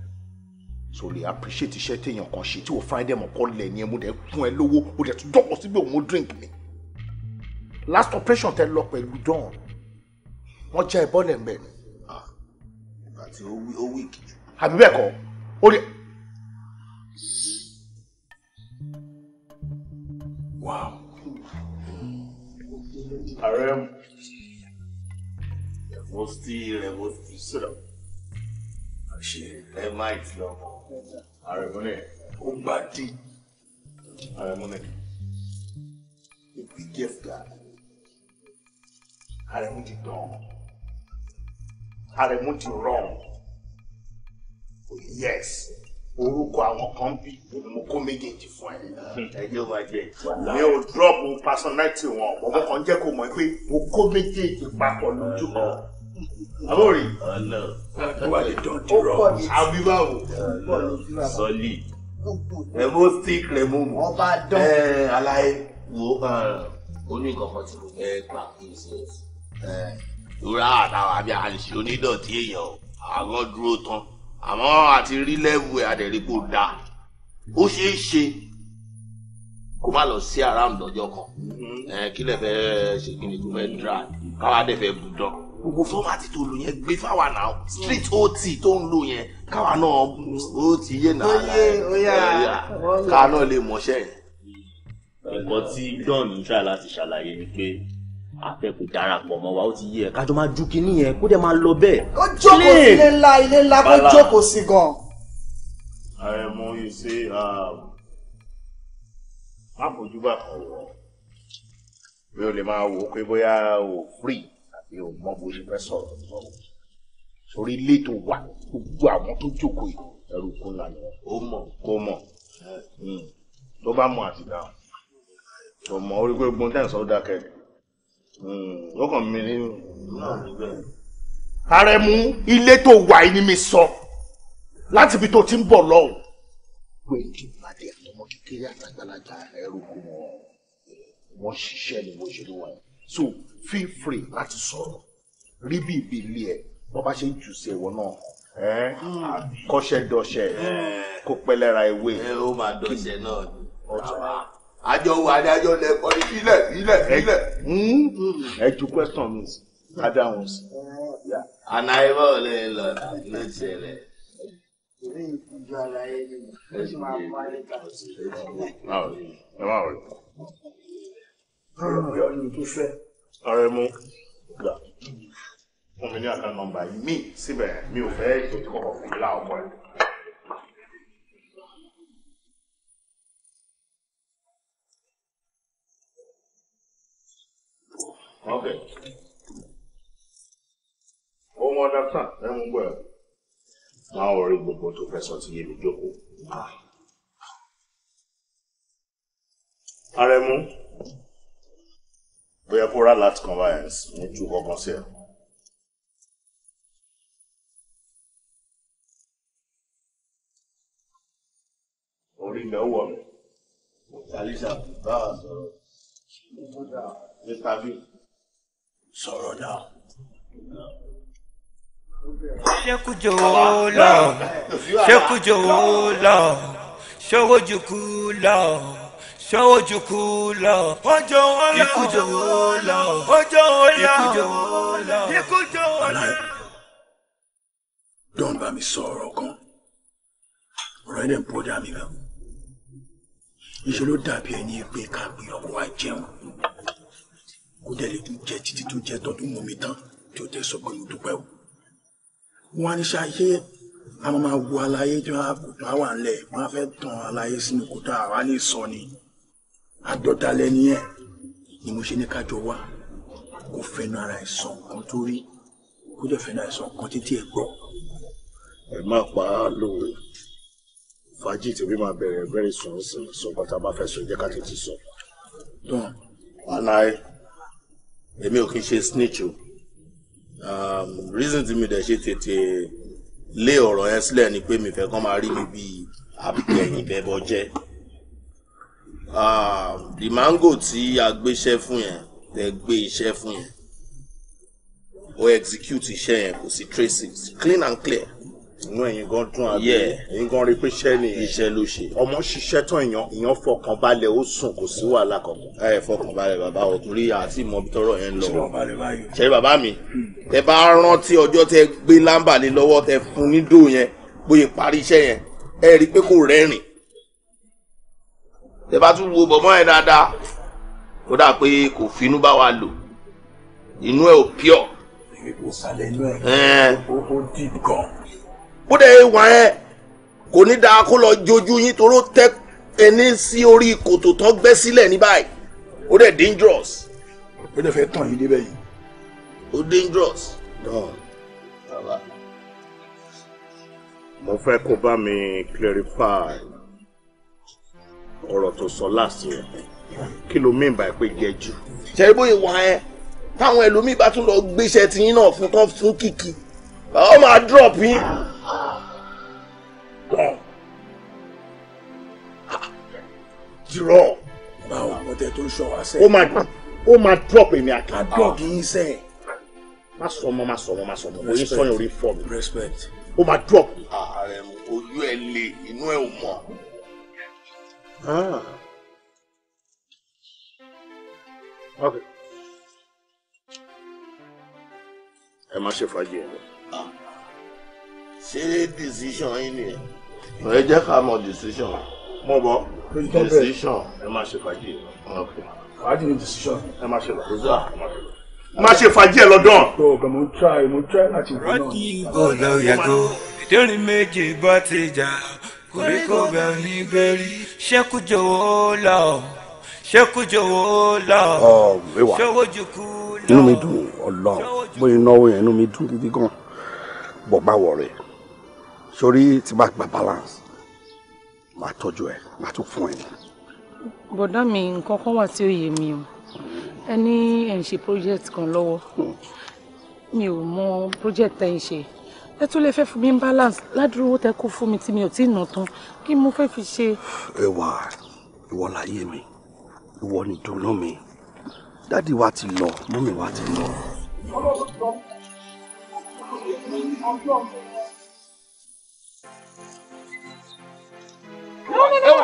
so lè appreciate iṣẹ́ téèyàn kan ṣe tí o find them ọ̀pọ̀ lẹ̀ ni ẹ mo dẹ̀ fún ẹ lówó o dẹ̀ tún dọ́kọ̀ síbi òun drink mi last operation tẹ lọ pẹ̀lú Don wọ́n já ẹ bọ́ọ̀lẹ̀ ń bẹ̀ ni. Ah, àti ó wí ó wí kìjú. àbí bẹ́ẹ̀ kọ́ ó rí. the most harem. Ẹ̀wọ̀n sí ẹ̀wọ̀n might know. Àṣẹ ẹ̀ máa ti lọ mọ́. Àrẹ̀mọ́lẹ̀ ó gbà dí. Àrẹ̀mọ́lẹ̀ ìpè gẹ́fùtà. Àrẹ̀mú ti dán. Àrẹ̀mú ti wrong. Yes orúkọ àwọn kan bí mo kó méjèèjì fún ẹ hmm. mi ò drop personality wọn ọmọ kan jẹ́ kó mọ̀ pé mo kó méjèèjì papọ̀ lójúmọ́ àbórí. ó pọ̀ ní àbíbáwò. sọ́lì ẹ̀mú stick rẹ̀ mu. ẹ aláì wo oní kankan tí mo fẹ́ gbà kí n ṣe. ìrora àtàwọn àbí àṣìṣe onídọ̀tí èèyàn àwọn dúró tán àmọ́ àti rí lẹ́wù ẹ̀ àdẹ̀rípò da ó ṣeé ṣe kó má lọ sí around lọ́jọ́ kan mm-hmm. kí lè fẹ́ ṣe kí ni tó fẹ́ dry káwa dẹ̀ fẹ́ bù dán gbogbo fọ́mátì tó lò yẹn gbé fáwa náà street ot tó ń lò yẹn káwa náà ó ti yé náà káwa náà lè mọṣẹ́ yẹn. nǹkan tí don ń ṣàlàyé ni pé afẹ́kù darapọ̀ mọ́ wa ó ti yẹ kájọ máa ju kinní yẹn kó dẹ̀ máa lọ bẹ́ẹ̀. ó jókòó sí ilé ńlá ilé ńlá kó jókòó sí gan. ààrẹ mo yìí ṣe má fojú bá kan wọ mi ò lè máa wò ó pé bóyá o free àbí o mọ bó ṣe fẹ́ sọ̀rọ̀ lọ́wọ́ sórí ilé tó wà gbogbo àwọn tó jókòó yìí ẹrù kún lànà ó mọ̀ kó mọ̀ hmm. tó bá mọ̀ àti dáhùn tó mọ̀ orí pé gbóńtẹ̀ sọ́dá kẹ́kẹ́. Hmm, ó kàn mí ní Arẹmú ilé tó wà yìí ni mi sọ láti ibi tó ti ń bọ̀ lọ́hùn. pé kí ìpàdé àtọmọ kékeré àtàgbàlagbà ẹrù wọn wọn ṣiṣẹ́ ni mo ṣe ló wà yìí so feel free láti sọ̀rọ̀ rí bí ibi ilé bọ́ bá ṣe ń jù sí ẹ̀wọ̀n náà kọ́ṣẹ́ dọṣẹ́ hmm. kó pẹ́ lẹ́ra ewé. ẹ ó máa dọṣẹ́ náà ni àjọ wo adájọ́ lẹ́kọ̀ọ́ ilẹ̀ ilẹ̀ ilẹ̀. Hmm, ẹ ju question mi ada wọn sí. ànáyébọ̀ lè lọ ló ṣẹlẹ̀. ẹ má wọlé. ọ̀rọ̀ mi tó fẹ́. ọ̀rẹ́ mu gbà fún mi ní àkànnọ́mbà yìí síbẹ̀ mi ò fẹ́ ètò ìkọ̀kọ̀ fún mi láwọn ọmọ Okay. One more doctor, ẹ mú gbọ́ ẹ̀. Máa wọrí gbogbo tó fẹ́ sọ ti yé mi jókòó. Ah. Arẹmú, bóyá kó rà láti conveyance ní ju kankan sí ẹ̀. Orí ilẹ̀ ó wọ̀ Alisa, bá a sọ̀rọ̀. Mr. B sọ̀rọ̀ náà. ṣékùjò lọ ṣékùjò lọ ṣòwòjùkú lọ ṣòwòjùkú lọ ọjọ́ ọ̀la ìkùjò lọ ọjọ́ ọ̀la ìkùjò lọ ìkùjò lọ. dọ́n bá mi sọ ọ̀rọ̀ kan ọ̀rọ̀ ẹ̀dẹ̀ ń bọ́ dà mí gan. ìṣòro dàbí ẹni pé ká gbìyànjú wa jẹun kó dẹ̀ lè tún jẹ títí tó jẹ tọdún mọ́ mi tán tí ó tẹ̀ sọ pé mo dúpẹ́ o. wọ́n á ní ṣáyé a máa wo àlàyé tí wọ́n á kó tó àwọn àlẹ́ wọ́n á fẹ́ tàn àlàyé sínú kótó àwa lè sọ ni àdọ̀dálẹ̀ nìyẹn ni mo ṣe ní kájọ wá kó fẹnu ara ẹ̀ sọ nǹkan tó rí kó dẹ̀ fẹnu ara ẹ̀ sọ nǹkan títí ẹ̀ gbọ́. ẹ má pa á lóore fàájì tèmi máa bẹ̀rẹ̀ very soon sí sọ bàtà bá fẹ́ sọ jẹ́ ká tètè sọ. dùn. àná èmi ò kí n ṣe snitch o um, reason tí mi dẹ̀ ṣe tètè lé ọ̀rọ̀ yẹn sílẹ̀ ni pé mi fẹ́ kàn máa rí mi bíi àbẹ̀yìn bẹ́bọ jẹ́ um, the mango tí a gbéṣẹ́ fún yẹn tẹ gbé iṣẹ́ fún yẹn ó execute iṣẹ́ yẹn kò sí traces clean and clear inú ẹ̀yin gan dùn àbí ẹ̀yin gan rí pé iṣẹ́ nìyẹn iṣẹ́ ló ṣe ọmọ ṣiṣẹ́ tán èèyàn èèyàn fọkàn balẹ̀ ó sùn kò sí wàhálà kankan. ẹ fọkàn balẹ̀ bàbá o torí àti ìmọ̀ bí tọrọ yẹn lọ ṣẹlẹ̀ bàbá mi ẹ bá rántí ọjọ́ tẹ gbé lámbà lé lọ́wọ́ tẹ fún ní dò yẹn bóyá parí iṣẹ́ yẹn ẹ rí i pé kò rẹ́rìn tẹ bá tún wo bọ̀mọ́ yẹn dáadáa ó dà pé kò finú bá wa lò inú ẹ ò pure. ìwé kò sálẹ̀ inú ẹ̀ ó dì gan bó dẹ̀ wà ẹ́ kò ní dáa kó lọ jojú yín toró tẹ́ ẹni sí orí kòtò tán gbẹ́ sílẹ̀ ní báyìí ó dẹ̀ dangerous. ó dẹ̀ fẹ́ tàn yín débẹ̀ yìí. ó dangerous. mo fẹ́ kó bá mi clarify ọ̀rọ̀ tó sọ last year kí ló mean by pé jẹ́jú. ṣe é bóyá wà ẹ́ táwọn ẹlòmíì bá tún lọ gbéṣẹ́ tiyín náà fún tán fún kìkì báwo máa drop yín. jùlọ. báwo àwọn tẹ tó ń sọ wá sẹ́yìn. ó máa ó máa drop èmi àkè. a drop yín sẹ́yìn. má sọ ọmọ má sọ ọmọ má sọ ọmọ oyin sọyìn orí fọ mi. respect. ó máa drop. ààrẹ ojú ẹ lè inú ẹ ò mọ. Ah. Okay. ẹ má ṣe fàájì ẹ lọ ṣé decision yín nìyẹn. ẹ jẹ́ ká mọ decision. mo bọ decision ẹ máa ṣe fàájì fàájì ni decision ẹ máa ṣe lọ. má ṣe fàájì ẹ lọ́dún. tó mo ń try mo ń try láti wọ náà. ọ̀dọ̀ yàgò ìdórin méje bá ti jà koríko bẹ ní bẹ́rí ṣẹ́kù jọ̀wọ́ lọ ṣẹ́kù jọ̀wọ́ lọ ṣọwọ́ jùkú lọ. inú mi dùn Ọlọ́run bóyá náwó yẹn inú mi dùn gidi gan bọ̀ bá sórí tí máa gba balance máa tọ́jú ẹ máa tún fún ẹ. bọ̀dá mi nǹkan kan wà tí ó yé mi o ẹ ní ẹ̀ ń ṣe project kan lọ́wọ́ hmm. mi ò mọ project tẹ́ ń ṣe ẹ tún lè fẹ́ fún mi balance ládùúgbò tẹ kó fún mi tí mi ò tí ì nà tán kí mo fẹ́ fi ṣe. ẹ wà ìwọ láyé mi ìwọ ni dùnú mi dádì wa ti lọ mọ́mì wa ti lọ. ọlọ́run sọ ọjọ́ mi. Get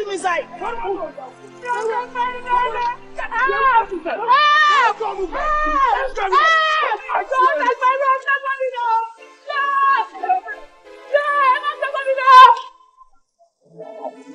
him inside. Thank you.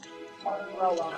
umbrella.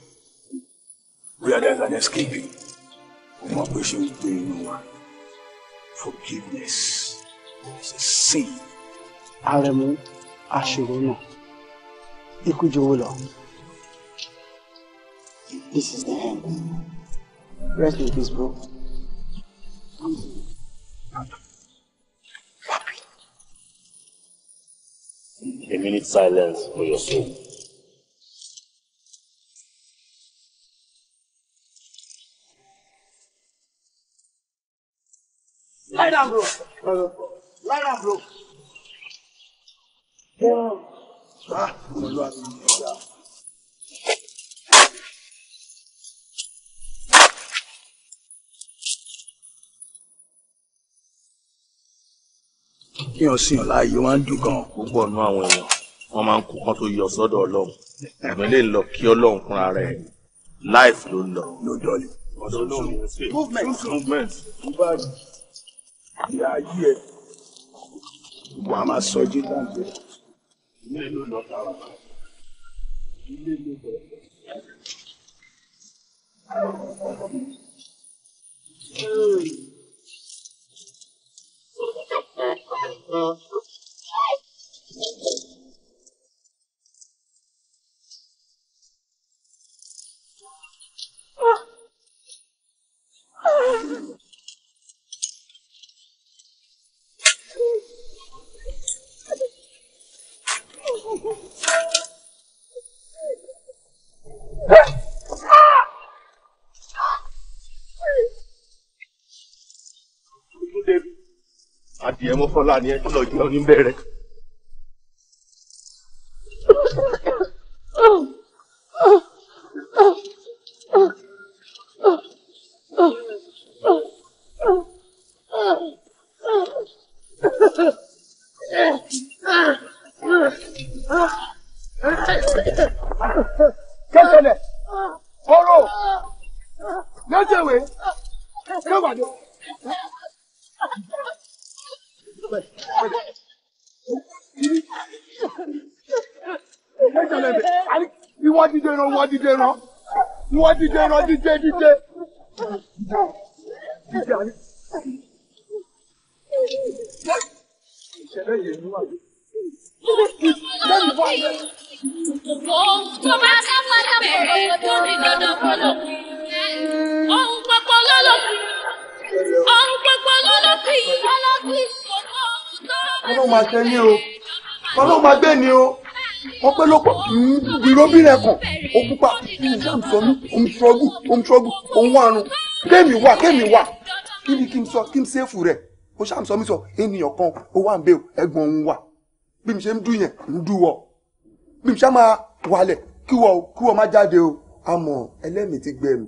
rather than escaping. One question is doing no one. Forgiveness is a sin. Aremu Ashuruna. Ikú jọ̀wọ́ lọ. This is the end. Rest in peace, bro. A minute silence for your soul. down, bro. Lie down, bro. Ah, Olúwàbí ni ọ̀gá. kí wọn sìn láàyè wọn ń dùn gan. púpọ̀ nú àwọn èèyàn wọn máa ń kó kán tó yọ sọ́dọ̀ ọlọ́run ìgbẹ́ lè lọ kí ọlọ́run fúnra rẹ̀ life ló ń lọ. ló dọ̀lẹ̀. movement movement ilé ayé ẹ wọn a máa sọ jí dáńtẹ ilé ló lọ tààrà ilé ló lọ tààrà. mo fọlá ni ẹ kó lọ jẹun ní bẹ̀rẹ̀. Ìwọ díje ran, ìwọ díje ran, ìwọ díje tó bá ká padà bẹ̀rẹ̀ tó ní dandan kọlọ̀. ohun gbogbo ló ohun gbogbo ló lọ ọlọ́run máa tẹ ní o ọlọ́run máa gbé ní o wọ́n pẹ́ lọ́pọ̀ ìrọ́bìnrin kan ó pupa ìyá ìsọ̀nù òun ṣọ́gù òun ṣọ́gù òun àrùn kémi wà kémi wà kí ni kí n sọ kí n ṣèfù rẹ̀ ó ṣàǹsọ mi sọ ènìyàn kan ó wà ń bẹ́ẹ̀ ẹ̀gbọ́n òun wà bí mi ṣe ń dùn yẹn ń dùn wọ bí mi ṣe máa wàlẹ̀ kí wọ kí wọ má jáde o àmọ́ ẹlẹ́mìí ti gbẹ mi.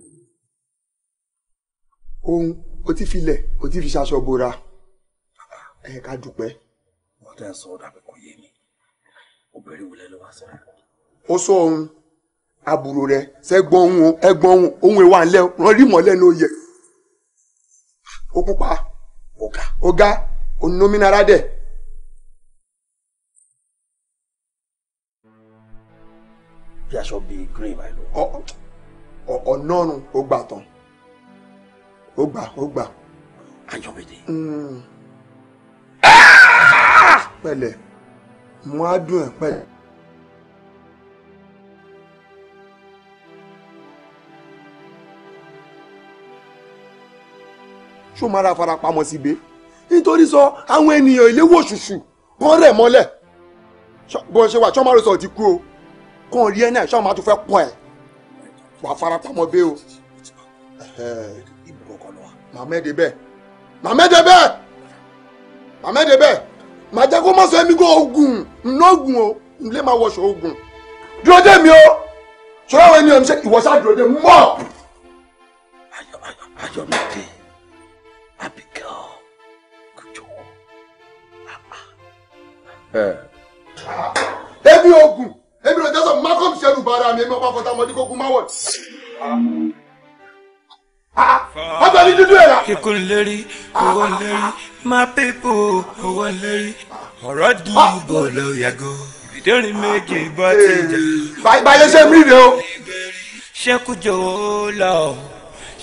o ti filẹ̀ o ti fi ṣaṣọ bora ẹ̀ka dúpẹ́ nǹkan tẹ́ ń sọ dàbí kò yé mi obìnrin wo lẹ ló wá sọ ó sọ ohun àbúrò rẹ ṣẹgbọn ohun ẹ̀gbọ́n ohun ohun ìwà ńlẹ wọn rí mọlẹ ní oyè ó pupa ọ̀gá ọ̀gá onínúmínara dẹ. bí aṣọ bíi green báyìí ló. ọ̀nà ó gbà tán ó gbà ó gbà. ayọ̀mídé. Hmm. Ah! pẹ̀lẹ́ mo á dùn ẹ́ pẹ̀lẹ́. ṣó máa ra farapamọ́ síbi nítorí sọ àwọn ènìyàn ìléwọ́ òṣùṣù wọ́n rẹ̀ mọ́lẹ̀ bó ṣe wà ṣọ́ọ́ máa rẹ̀ sọ̀rọ̀ ti kú o kó o rí ẹ náà ṣọ́ọ́ máa tún fẹ́ pọ̀ ẹ̀ wà á farapamọ́ bẹ́ẹ̀ o. màmá ẹ̀ dé màmá ẹ̀ dé bẹ́ẹ̀ màmá ẹ̀ dé bẹ́ẹ̀ màá jẹ́ kó má sọ ẹ̀mí kó ogun ǹnọ́gùn o ǹlẹ́ máa wọṣọ ogun dúró dé mi o ṣọlá àwọn ènìyàn mi ṣe ìwọ̀sá dúró dé mọ́. ayọ̀ ayọ̀ ayọ̀ mi dé Abigail kò jọ̀wọ́. ẹbí ogun ẹbí ló jẹ́ sọ malcolm ṣẹlú bàrà mi ẹ̀mí ọba kọta ọmọdé kókó máwọ̀ agbẹ̀ni ah, ah, dúdú ẹ̀ la. kíkó lérí owó lérí máa pépò owó lérí ọ̀rọ̀ di ah. ìbò lọ yàgò ìdérí méjì bọ́ ti eh, jà. báyìí ṣe mí rè o. ṣẹ́kù jọ̀wọ́ lọ oh.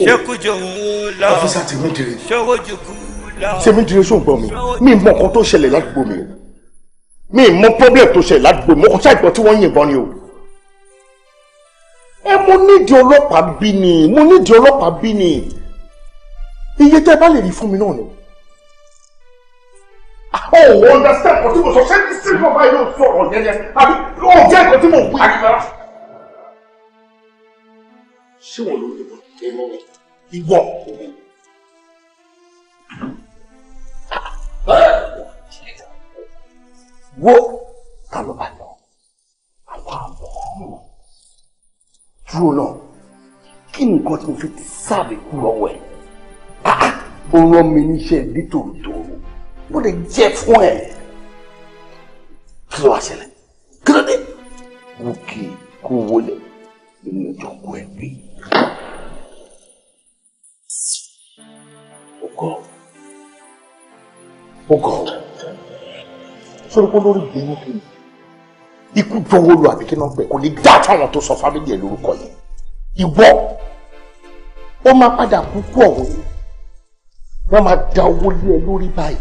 ṣẹ́kù jọ̀wọ́ lọ ọ́fíìsà tèmi dìre ṣọwọ́ jùkú lọ. tèmi dìre sóògbọ́n mi mi mọ̀ nǹkan tó ṣẹlẹ̀ ládùúgbò mi mi mọ̀ pọ́blẹ̀ tó ṣẹlẹ̀ ládùúgbò mi mo kọ́ sáà ìgbọ́ tí wọ́n yìnbọn ni o ẹ mo nídìí ọlọ́pàá bí ni mo nídìí ọlọ́pàá bí ni iye tẹ́ bá lè rí fún mi náà ni. Ah, oh, understand kò tí mo sọ sẹ́ni sí ìfọ̀ báyìí yóò sọ ọ̀rọ̀ yẹn yẹn àbí ó jẹ́ nǹkan tí mo wí. ṣé wọn ló ń yìnbọn èèmọ wọn ìwọ. wo ta ló bá lọ àwọn àbọ̀ ọ̀hún dúró náà kí nǹkan tí mo fi ti sáàbì kú lọ́wọ́ ẹ̀ ah, ah, ó rán mi níṣẹ́ nítòótòó mo lè jẹ́ fún ẹ̀ kí ló wá ṣẹlẹ̀ kí ló dé gòkè kó wọlé nínú ọjọ́ kó ẹ̀ pé. ó gọ̀ ó gọ̀ lórí gbẹ̀yìn kìíní ikú jọwọ́ lu àbíkí náà pẹ̀ kò lè dá táwọn tó sọ fámìlì ẹ̀ lórúkọ yẹn ìwọ ó máa padà kúkú ọ̀hún wọ́n máa da owó lé ẹ lórí báyìí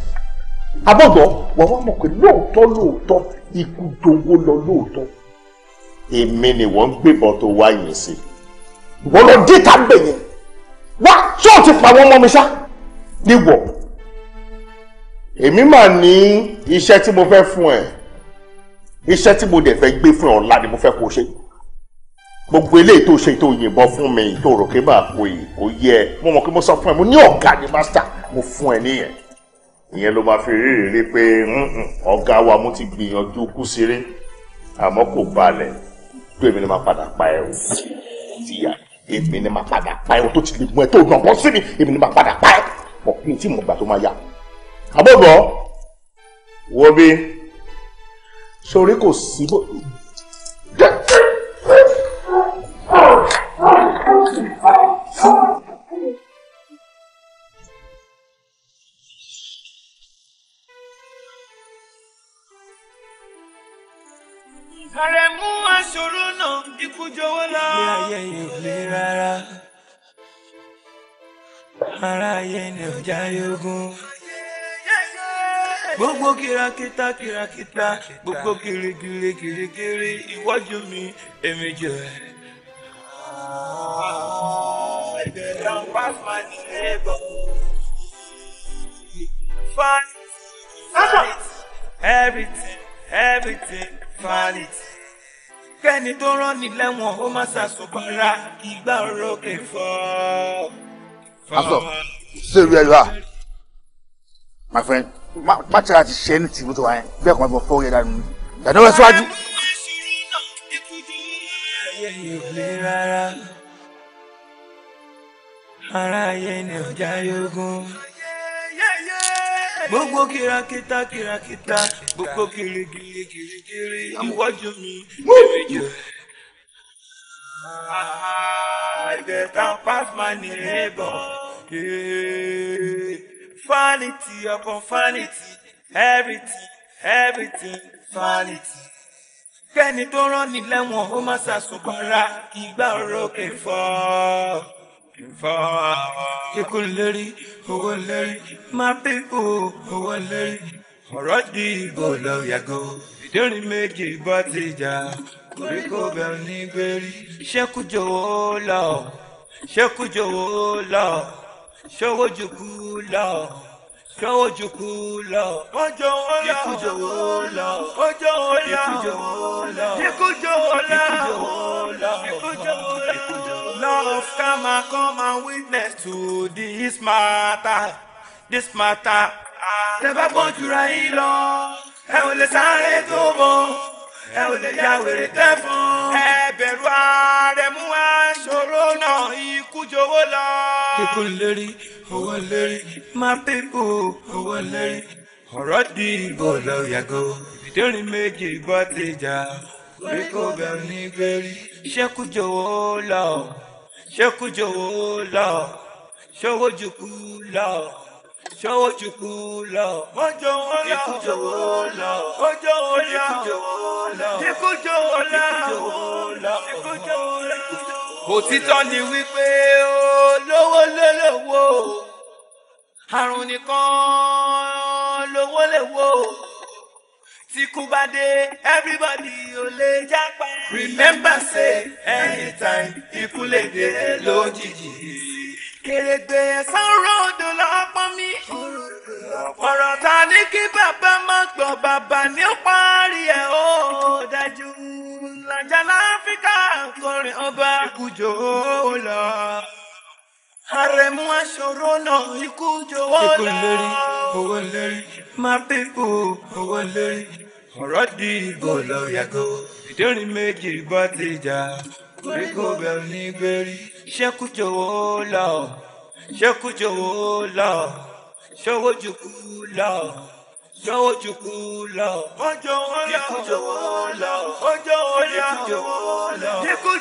abọ́dọ̀ wọ́n wá mọ̀ pé lóòótọ́ lóòótọ́ ikú jọwọ́ lọ lóòótọ́ èmi ni wọ́n ń gbébọn tó wá yìí sí ìwọ lọ dé ta gbè yẹn wá ṣọ́ọ̀tì pa àwọn ọmọ mi ṣá níwọ̀ èmi mà ní iṣẹ́ tí mo fẹ́ fún ẹ iṣẹ́ tí mo dẹ̀ fẹ́ gbé fún ọ̀la ni mo fẹ́ kó ṣe gbogbo eléyìí tó ṣe tó yìnbọn fún mi tó rò pé máa kó yìí kó yẹ mo mọ̀ pé mo sọ fún ẹ mo ní ọ̀gá ni master mo fún ẹ nìyẹn ìyẹn ló máa fi rírí pé ọ̀gá wa mo ti gbìyànjú kú síre àmọ́ kò balẹ̀ tó èmi ni máa padà pa ẹ o tíya èmi ni máa padà pa ẹ o tó ti lè mú ẹ tó nàbọ́ sí mi èmi ni máa padà pa ẹ mọ̀ kí n tí mo gbà tó máa yá àbọ̀gbọ́ wo bí sórí kò sí bó. ara ayé ni ò járe gbogbo kìràkìtà kìràkìtà gbogbo kìrìkìrì kìrìkìrì iwájú mi èmi jẹ. kẹ́ni tó rán ni lẹ́wọ̀n ó má ṣàṣùbọ̀ra ìgbà òrókè fọ́. aso ṣé ìrírí ẹ lọ my friend má tí a ti ṣe ní yẹn bẹ́ẹ̀ kò má bọ̀ fọ́ọ̀rẹ́ dànù ni dànù rẹ síwájú. ara ayé ni ọjà yógún gbogbo kìràkìtà kìràkìtà gbogbo kirigiri kirigiri iwájú mi ìrìnjò. I get down past my neighbor. Yeah. Vanity upon vanity, everything, everything, vanity. Kẹ́ni tó rán ni lẹ́wọ̀n ó má ṣàṣùpara ìgbà òrókè fọ́. Fọ́ ikú lérí, owó lérí, máa bí kú owó lérí. Ọ̀rọ̀ di ìbò lọ yàgò, ìdérí méjì bọ́ ti jà. Koríko bẹ̀rù ní gbèrí. Ṣé kújò wò lọ? Ṣé kújò wò lọ? ṣòwòjùkú lọ ṣòwòjùkú lọ ọjọ́ ọ̀la ìkújòwò lọ ọjọ́ ọ̀la ìkújòwò lọ ìkújòwò lọ ìkújòwò lọ. Love come come and witness to this matter this matter. Tẹ́ bá gbọ́n jura yín lọ, ẹ ò lè sáré tó bọ̀ ẹ ò lè ya wèrè tẹ́ fún. ẹ bẹ̀rù Àrẹ̀mú wá ṣòro náà ikú jọ̀wọ́ lọ. ikú lérí owó lérí máa pépò owó lérí ọ̀rọ̀ di ìbò lọ yàgò ìdérin méjì bọ́ ti jà orí kò bẹ̀rù ní gbérí. ṣẹ́kù jọ̀wọ́ lọ ṣẹ́kù jọ̀wọ́ lọ ṣọwọ́ jùkú lọ ṣọwọ́ jùkú lọ. mọ́jọ wọn lọ ikú jọ̀wọ́ lọ. ọjọ́ wọn lọ ikú jọ̀wọ́ lọ. ikú jọ̀wọ́ lọ. ikú jọ̀wọ́ lọ. òtítọ́ ni wípé olówó lélówó àrùn nìkan lówó lèwó tí kú bá dé everybody ò lè jápa. remember say anytime ikú lè dé lójijì kèrègbè sọ̀rọ̀ odò lọ́pọ̀ mi ọ̀rọ̀ ta ní kí bàbá má gbọ́ bàbá ní ó parí ẹ̀ ó dájú làjà láfíríkà kọrin ọba ìkújò ó lọ àrẹ̀mú aṣòro náà ìkújò ó lọ. èkó lérí owó lérí máa pípò owó lérí ọ̀rọ̀ di ìbò lọ yàgò ìdérin méjì bá ti jà koríko bẹ̀rù ní gbérí ṣẹ́kù la, lọ ṣẹ́kù jọ̀wọ́ lọ ṣọwọ́ jùkú lọ jọ̀wọ́ jùkú lọ. ó jọ̀wọ́ lọ ó jọ̀wọ́ lọ ó jọ̀wọ́ lọ ó jọ̀wọ́ lọ ikú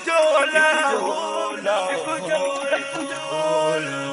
jọ̀wọ́ lọ